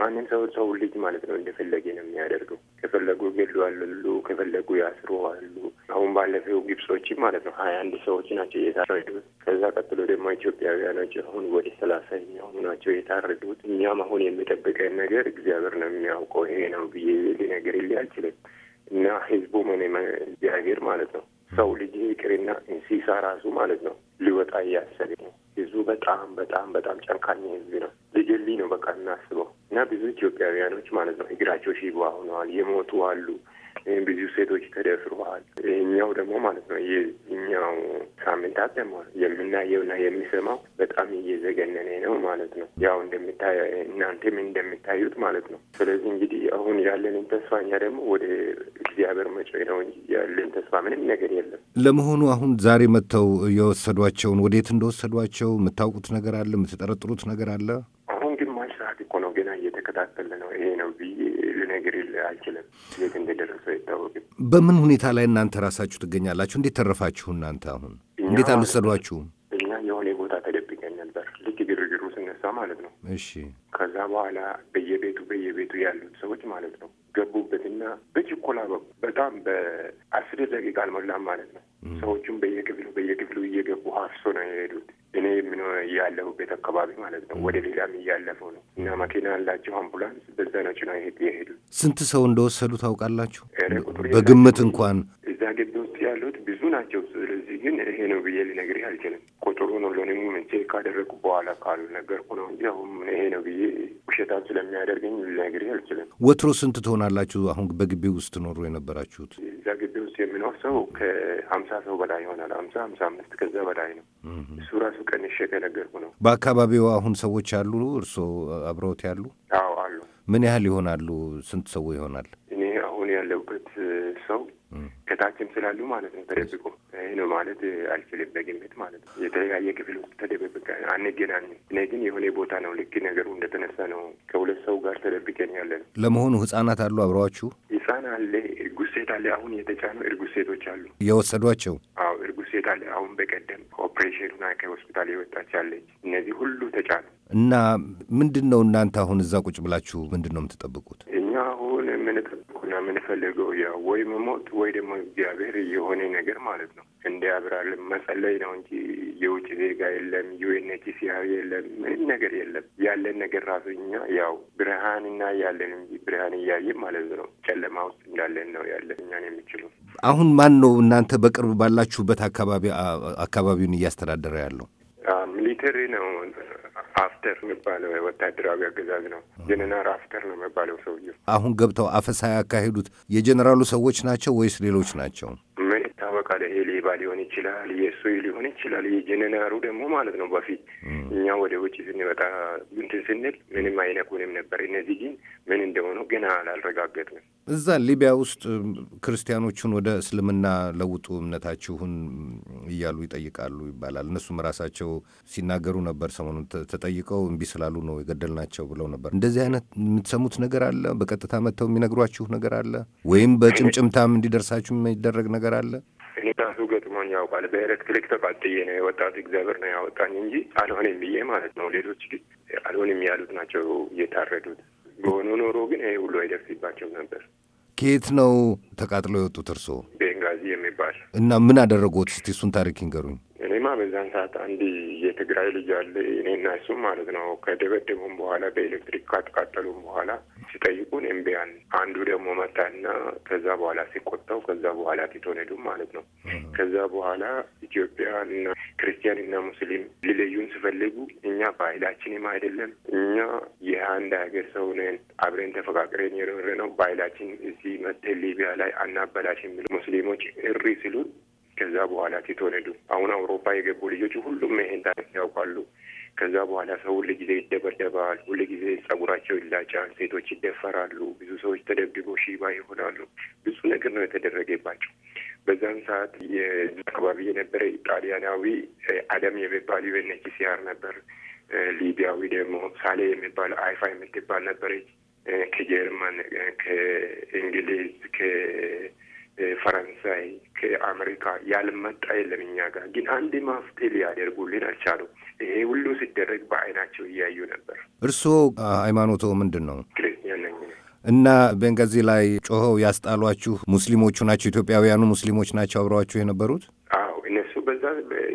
[SPEAKER 7] ማንም ሰው ሰው ልጅ ማለት ነው እንደፈለገ ነው የሚያደርገው። ከፈለጉ ገሉ አሉ፣ ከፈለጉ ያስሩ አሉ። አሁን ባለፈው ግብጾች ማለት ነው ሀያ አንድ ሰዎች ናቸው የታረዱት። ከዛ ቀጥሎ ደግሞ ኢትዮጵያውያኖች አሁን ወደ ሰላሳ የሚሆኑ ናቸው የታረዱት። እኛም አሁን የሚጠብቀን ነገር እግዚአብሔር ነው የሚያውቀው። ይሄ ነው ብዬ ሊ አልችልም። እና ህዝቡ ሆነ እግዚአብሔር ማለት ነው። ሰው ልጅ ይቅርና እንስሳ ራሱ ማለት ነው ሊወጣ እያሰብ ነው። ህዝቡ በጣም በጣም በጣም ጨንካኝ ህዝብ ነው። ልጅልኝ ነው በቃ እናስበው እና ብዙ ኢትዮጵያውያኖች ማለት ነው እግራቸው ሽባ ሆነዋል። የሞቱ አሉ ብዙ ሴቶች ተደፍረዋል። ይህኛው ደግሞ ማለት ነው የኛው ሳምንታት ደግሞ የምናየውና የሚሰማው በጣም እየዘገነነ ነው ማለት ነው። ያው እንደምታ እናንተም እንደምታዩት ማለት ነው። ስለዚህ እንግዲህ አሁን ያለንን ተስፋ እኛ ደግሞ ወደ እግዚአብሔር መጮህ ነው እንጂ ያለን ተስፋ ምንም ነገር የለም።
[SPEAKER 2] ለመሆኑ አሁን ዛሬ መጥተው የወሰዷቸውን ወዴት እንደወሰዷቸው የምታውቁት ነገር አለ? የምትጠረጥሩት ነገር አለ?
[SPEAKER 7] አሁን ግማሽ ሰዓት እኮ ነው ገና እየተከታተልን አልችልም። የት እንደደረሰው አይታወቅም።
[SPEAKER 2] በምን ሁኔታ ላይ እናንተ ራሳችሁ ትገኛላችሁ? እንዴት ተረፋችሁ? እናንተ አሁን እንዴት አልወሰዷችሁም?
[SPEAKER 7] እኛ የሆነ ቦታ ተደብቀን ነበር፣ ልክ ግርግሩ ስነሳ ማለት ነው። እሺ። ከዛ በኋላ በየቤቱ በየቤቱ ያሉት ሰዎች ማለት ነው ገቡበትና በችኮላ በጣም በአስር ደቂቃ አልሞላም ማለት ነው። ሰዎቹም በየክፍሉ በየክፍሉ እየገቡ አፍሶ ነው የሄዱት። ያለሁበት አካባቢ ማለት ነው። ወደ ሌላም እያለፉ ነው እና መኪና ያላቸው አምቡላንስ በዛ ነው የሄዱ።
[SPEAKER 2] ስንት ሰው እንደወሰዱ ታውቃላችሁ? በግምት እንኳን
[SPEAKER 7] እዛ ግቢ ውስጥ ያሉት ብዙ ናቸው። ስለዚህ ግን ይሄ ነው ብዬ ልነግርህ አልችልም። ቁጥሩ ነው ለኔ ቼክ ካደረግኩ በኋላ ካልነገርኩ ነው እንጂ አሁን ይሄ ነው ብዬ ውሸታም ስለሚያደርገኝ ልነግርህ አልችልም።
[SPEAKER 2] ወትሮ ስንት ትሆናላችሁ አሁን በግቢ ውስጥ ኖሩ የነበራችሁት?
[SPEAKER 7] እዛ ግቢ ነው ሰው ከሀምሳ ሰው በላይ ይሆናል። ሀምሳ ሀምሳ አምስት ከዛ በላይ ነው። እሱ ራሱ ቀንሼ ከነገርኩ ነው።
[SPEAKER 2] በአካባቢው አሁን ሰዎች አሉ፣ እርስዎ አብረውት ያሉ? አዎ አሉ። ምን ያህል ይሆናሉ? ስንት ሰው ይሆናል?
[SPEAKER 7] እኔ አሁን ያለሁበት ሰው ከታችም ስላሉ ማለት ነው። ተደብቆ ይህ ነው ማለት አልችልም። በግምት ማለት ነው። የተለያየ ክፍል ተደብቀ አንገናኝ። እኔ ግን የሆነ ቦታ ነው ልክ ነገሩ እንደተነሳ ነው ከሁለት ሰው ጋር ተደብቀን ያለ ነው።
[SPEAKER 2] ለመሆኑ ህጻናት አሉ አብረዋችሁ?
[SPEAKER 7] ህፃን አለ፣ እርጉዝ ሴት አለ። አሁን የተጫኑ እርጉዝ ሴቶች አሉ
[SPEAKER 2] የወሰዷቸው።
[SPEAKER 7] አዎ እርጉዝ ሴት አለ። አሁን በቀደም ኦፕሬሽንና ከሆስፒታል የወጣች አለች። እነዚህ ሁሉ ተጫኑ
[SPEAKER 2] እና ምንድን ነው እናንተ አሁን እዛ ቁጭ ብላችሁ ምንድን ነው የምትጠብቁት?
[SPEAKER 7] ወይ መሞት ወይ ደግሞ እግዚአብሔር የሆነ ነገር ማለት ነው እንዲያብራልን መጸለይ ነው እንጂ የውጭ ዜጋ የለም፣ ዩኤንኤችሲአር የለም፣ ምንም ነገር የለም። ያለን ነገር ራሱ እኛ ያው እና ያለን እንጂ ብርሃን እያየን ማለት ነው ጨለማ ውስጥ እንዳለን ነው ያለን እኛን የሚችሉ
[SPEAKER 2] አሁን ማን ነው እናንተ በቅርብ ባላችሁበት አካባቢ አካባቢውን እያስተዳደረ ያለው?
[SPEAKER 7] ሚሊተሪ ነው አፍተር የሚባለው ወታደራዊ አገዛዝ ነው። ጀነራል አፍተር ነው የሚባለው ሰውዬ
[SPEAKER 2] አሁን ገብተው አፈሳ ያካሄዱት የጀኔራሉ ሰዎች ናቸው ወይስ ሌሎች ናቸው?
[SPEAKER 7] ይችላል፣ የእሱ ሊሆን ይችላል። የጀነራሩ ደግሞ ማለት ነው። በፊት እኛ ወደ ውጭ ስንመጣ እንትን ስንል ምንም አይነኩንም ነበር። እነዚህ ግን ምን እንደሆነ ገና አላረጋገጥንም።
[SPEAKER 2] እዛ ሊቢያ ውስጥ ክርስቲያኖቹን ወደ እስልምና ለውጡ እምነታችሁን እያሉ ይጠይቃሉ ይባላል። እነሱም ራሳቸው ሲናገሩ ነበር። ሰሞኑን ተጠይቀው እምቢ ስላሉ ነው የገደልናቸው ብለው ነበር። እንደዚህ አይነት የምትሰሙት ነገር አለ? በቀጥታ መጥተው የሚነግሯችሁ ነገር አለ ወይም በጭምጭምታም እንዲደርሳችሁ የሚደረግ ነገር አለ? ራሱን ያውቃል።
[SPEAKER 7] በኤሌክትሪክ ተቃጥዬ ነው የወጣት እግዚአብሔር ነው ያወጣኝ እንጂ አልሆንም ብዬ ማለት ነው። ሌሎች አልሆንም ያሉት ናቸው የታረዱት። በሆኑ ኖሮ ግን ይሄ ሁሉ አይደርስባቸው ነበር።
[SPEAKER 2] ከየት ነው ተቃጥሎ የወጡት እርስዎ?
[SPEAKER 7] ቤንጋዚ የሚባል
[SPEAKER 2] እና ምን አደረጉት? እስቲ እሱን ታሪክ ይንገሩኝ።
[SPEAKER 7] እኔማ በዛን ሰዓት አንድ የትግራይ ልጅ አለ እኔና እሱም ማለት ነው። ከደበደቡም በኋላ በኤሌክትሪክ ካጥቃጠሉም በኋላ ሲጠይቁን እምቢያን አንዱ ደግሞ መታና ከዛ በኋላ ሲቆጣው ከዛ በኋላ ትቶን ሄዱ ማለት ነው። ከዛ በኋላ ኢትዮጵያ እና ክርስቲያን እና ሙስሊም ሊለዩን ስፈልጉ እኛ ባህላችንም አይደለም እኛ የአንድ ሀገር ሰው ነን አብረን ተፈቃቅረን የኖረ ነው ባህላችን እዚህ መጥተን ሊቢያ ላይ አናበላሽ ብሎ ሙስሊሞች እሪ ሲሉን ከዛ በኋላ ትቶን ሄዱ። አሁን አውሮፓ የገቡ ልጆች ሁሉም ይሄን ታሪክ ያውቃሉ። ከዛ በኋላ ሰው ሁል ጊዜ ይደበደባል፣ ሁል ጊዜ ጸጉራቸው ይላጫል፣ ሴቶች ይደፈራሉ፣ ብዙ ሰዎች ተደብድበው ሺባ ይሆናሉ። ብዙ ነገር ነው የተደረገባቸው። በዛን ሰዓት አካባቢ የነበረ ጣሊያናዊ አለም የሚባል ሲያር ነበር። ሊቢያዊ ደግሞ ሳሌ የሚባል አይፋ የምትባል ነበረች። ከጀርመን፣ ከእንግሊዝ፣ ፈረንሳይ ከአሜሪካ ያልመጣ የለም። እኛ ጋር ግን አንድ መፍትሄ ሊያደርጉልን አልቻሉ። ይሄ ሁሉ ሲደረግ በአይናቸው እያዩ ነበር።
[SPEAKER 2] እርስዎ ሃይማኖቶ ምንድን ነው? እና ቤንጋዚ ላይ ጮኸው ያስጣሏችሁ ሙስሊሞቹ ናቸው? ኢትዮጵያውያኑ ሙስሊሞች ናቸው አብረዋችሁ የነበሩት? አዎ እነሱ በዛ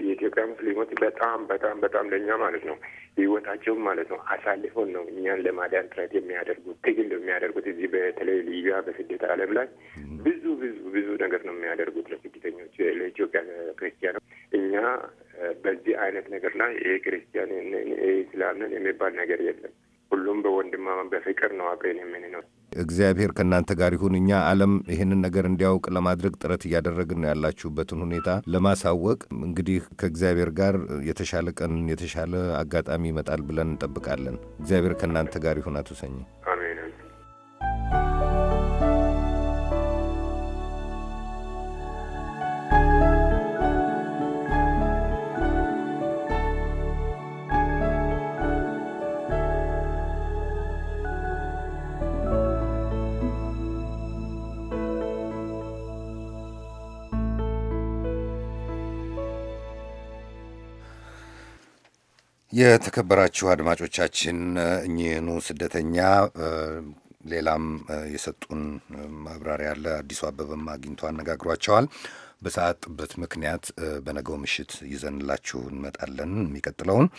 [SPEAKER 7] የኢትዮጵያ ሙስሊሞች በጣም በጣም በጣም ለእኛ ማለት ነው ህይወታቸውን ማለት ነው አሳልፎን ነው እኛን ለማዳን ጥረት የሚያደርጉት ትግል የሚያደርጉት እዚህ በተለይ ሊቢያ በስደት አለም ላይ ብዙ ብዙ ብዙ ነገር ነው የሚያደርጉት ለስደተኞች ለኢትዮጵያ ክርስቲያኖች። እኛ በዚህ አይነት ነገር ላይ ይሄ ክርስቲያን ስላምን የሚባል ነገር
[SPEAKER 2] የለም። ሁሉም በወንድማ በፍቅር ነው አብሬን የምንኖር። እግዚአብሔር ከእናንተ ጋር ይሁን። እኛ ዓለም ይህንን ነገር እንዲያውቅ ለማድረግ ጥረት እያደረግን ነው። ያላችሁበትን ሁኔታ ለማሳወቅ እንግዲህ ከእግዚአብሔር ጋር የተሻለ ቀን የተሻለ አጋጣሚ ይመጣል ብለን እንጠብቃለን። እግዚአብሔር ከእናንተ ጋር ይሁን። አቶ ሰኝ የተከበራችሁ አድማጮቻችን እኚህኑ ስደተኛ ሌላም የሰጡን ማብራሪያ አለ። አዲሱ አበበም አግኝቶ አነጋግሯቸዋል። በሰዓት ጥበት ምክንያት በነገው ምሽት ይዘንላችሁ እንመጣለን። የሚቀጥለውን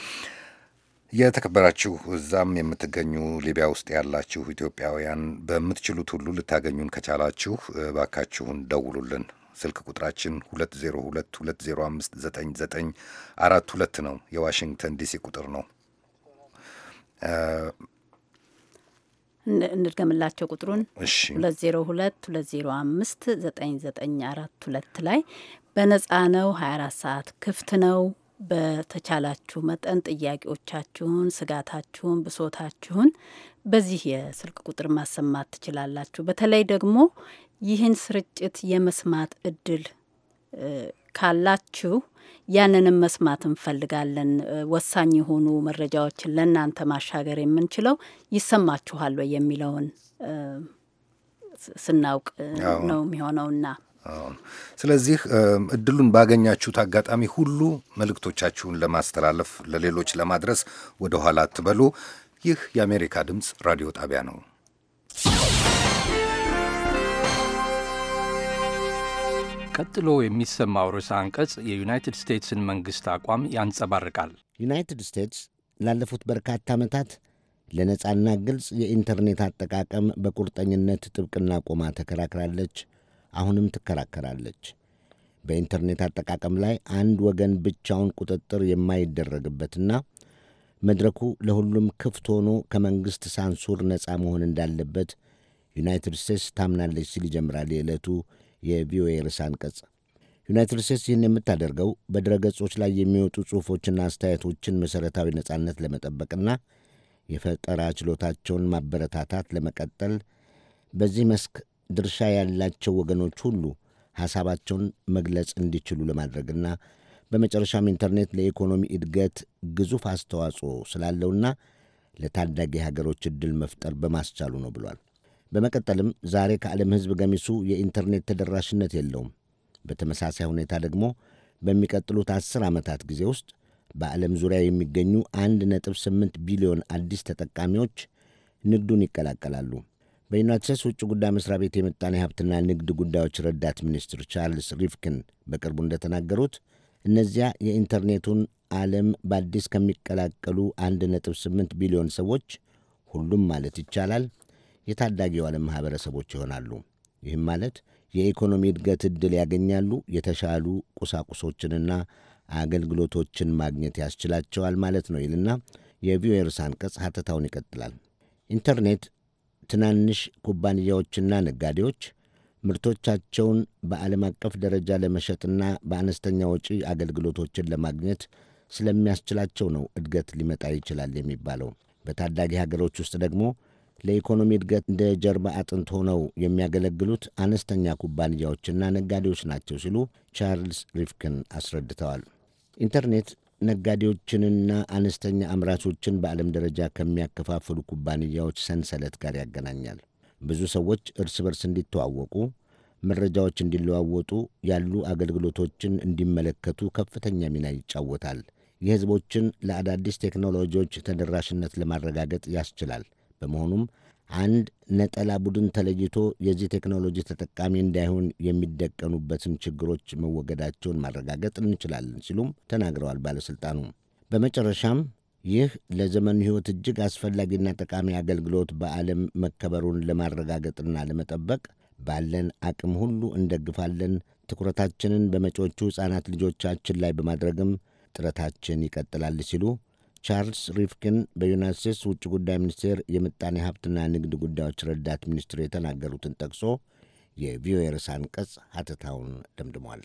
[SPEAKER 2] የተከበራችሁ እዛም የምትገኙ ሊቢያ ውስጥ ያላችሁ ኢትዮጵያውያን በምትችሉት ሁሉ ልታገኙን ከቻላችሁ እባካችሁን ደውሉልን። ስልክ ቁጥራችን 2022059942 ነው። የዋሽንግተን ዲሲ ቁጥር ነው።
[SPEAKER 1] እንድገምላቸው ቁጥሩን 2022059942 ላይ በነጻ ነው። 24 ሰዓት ክፍት ነው። በተቻላችሁ መጠን ጥያቄዎቻችሁን፣ ስጋታችሁን፣ ብሶታችሁን በዚህ የስልክ ቁጥር ማሰማት ትችላላችሁ። በተለይ ደግሞ ይህን ስርጭት የመስማት እድል ካላችሁ ያንንም መስማት እንፈልጋለን። ወሳኝ የሆኑ መረጃዎችን ለእናንተ ማሻገር የምንችለው ይሰማችኋል ወይ የሚለውን ስናውቅ ነው የሚሆነውና
[SPEAKER 2] ስለዚህ እድሉን ባገኛችሁት አጋጣሚ ሁሉ መልእክቶቻችሁን ለማስተላለፍ ለሌሎች ለማድረስ ወደኋላ ትበሉ። አትበሉ። ይህ የአሜሪካ ድምፅ ራዲዮ
[SPEAKER 13] ጣቢያ ነው። ቀጥሎ የሚሰማው ርዕሰ አንቀጽ የዩናይትድ ስቴትስን መንግሥት አቋም ያንጸባርቃል።
[SPEAKER 5] ዩናይትድ ስቴትስ ላለፉት በርካታ ዓመታት ለነጻና ግልጽ የኢንተርኔት አጠቃቀም በቁርጠኝነት ጥብቅና ቆማ ተከራክራለች፣ አሁንም ትከራከራለች። በኢንተርኔት አጠቃቀም ላይ አንድ ወገን ብቻውን ቁጥጥር የማይደረግበትና መድረኩ ለሁሉም ክፍት ሆኖ ከመንግሥት ሳንሱር ነፃ መሆን እንዳለበት ዩናይትድ ስቴትስ ታምናለች ሲል ይጀምራል የዕለቱ የቪኦኤ ርዕሰ አንቀጽ። ዩናይትድ ስቴትስ ይህን የምታደርገው በድረ ገጾች ላይ የሚወጡ ጽሑፎችና አስተያየቶችን መሠረታዊ ነፃነት ለመጠበቅና የፈጠራ ችሎታቸውን ማበረታታት ለመቀጠል በዚህ መስክ ድርሻ ያላቸው ወገኖች ሁሉ ሐሳባቸውን መግለጽ እንዲችሉ ለማድረግና በመጨረሻም ኢንተርኔት ለኢኮኖሚ እድገት ግዙፍ አስተዋጽኦ ስላለውና ለታዳጊ ሀገሮች ዕድል መፍጠር በማስቻሉ ነው ብሏል። በመቀጠልም ዛሬ ከዓለም ሕዝብ ገሚሱ የኢንተርኔት ተደራሽነት የለውም። በተመሳሳይ ሁኔታ ደግሞ በሚቀጥሉት አስር ዓመታት ጊዜ ውስጥ በዓለም ዙሪያ የሚገኙ 1.8 ቢሊዮን አዲስ ተጠቃሚዎች ንግዱን ይቀላቀላሉ። በዩናይትድ ስቴትስ ውጭ ጉዳይ መስሪያ ቤት የምጣኔ ሀብትና ንግድ ጉዳዮች ረዳት ሚኒስትር ቻርልስ ሪፍኪን በቅርቡ እንደተናገሩት እነዚያ የኢንተርኔቱን ዓለም በአዲስ ከሚቀላቀሉ 1.8 ቢሊዮን ሰዎች ሁሉም ማለት ይቻላል የታዳጊው ዓለም ማኅበረሰቦች ይሆናሉ። ይህም ማለት የኢኮኖሚ እድገት ዕድል ያገኛሉ፣ የተሻሉ ቁሳቁሶችንና አገልግሎቶችን ማግኘት ያስችላቸዋል ማለት ነው ይልና የቪኦኤ አንቀጽ ሐተታውን ይቀጥላል። ኢንተርኔት ትናንሽ ኩባንያዎችና ነጋዴዎች ምርቶቻቸውን በዓለም አቀፍ ደረጃ ለመሸጥና በአነስተኛ ወጪ አገልግሎቶችን ለማግኘት ስለሚያስችላቸው ነው እድገት ሊመጣ ይችላል የሚባለው። በታዳጊ ሀገሮች ውስጥ ደግሞ ለኢኮኖሚ እድገት እንደ ጀርባ አጥንት ሆነው የሚያገለግሉት አነስተኛ ኩባንያዎችና ነጋዴዎች ናቸው ሲሉ ቻርልስ ሪፍክን አስረድተዋል። ኢንተርኔት ነጋዴዎችንና አነስተኛ አምራቾችን በዓለም ደረጃ ከሚያከፋፍሉ ኩባንያዎች ሰንሰለት ጋር ያገናኛል። ብዙ ሰዎች እርስ በርስ እንዲተዋወቁ፣ መረጃዎች እንዲለዋወጡ፣ ያሉ አገልግሎቶችን እንዲመለከቱ ከፍተኛ ሚና ይጫወታል። የሕዝቦችን ለአዳዲስ ቴክኖሎጂዎች ተደራሽነት ለማረጋገጥ ያስችላል። በመሆኑም አንድ ነጠላ ቡድን ተለይቶ የዚህ ቴክኖሎጂ ተጠቃሚ እንዳይሆን የሚደቀኑበትን ችግሮች መወገዳቸውን ማረጋገጥ እንችላለን ሲሉም ተናግረዋል ባለሥልጣኑ። በመጨረሻም ይህ ለዘመኑ ሕይወት እጅግ አስፈላጊና ጠቃሚ አገልግሎት በዓለም መከበሩን ለማረጋገጥና ለመጠበቅ ባለን አቅም ሁሉ እንደግፋለን። ትኩረታችንን በመጪዎቹ ሕፃናት ልጆቻችን ላይ በማድረግም ጥረታችን ይቀጥላል ሲሉ ቻርልስ ሪፍኪን በዩናይትድ ስቴትስ ውጭ ጉዳይ ሚኒስቴር የምጣኔ ሀብትና ንግድ ጉዳዮች ረዳት ሚኒስትር የተናገሩትን ጠቅሶ የቪኦኤ ርዕሰ አንቀጽ ሀተታውን ደምድሟል።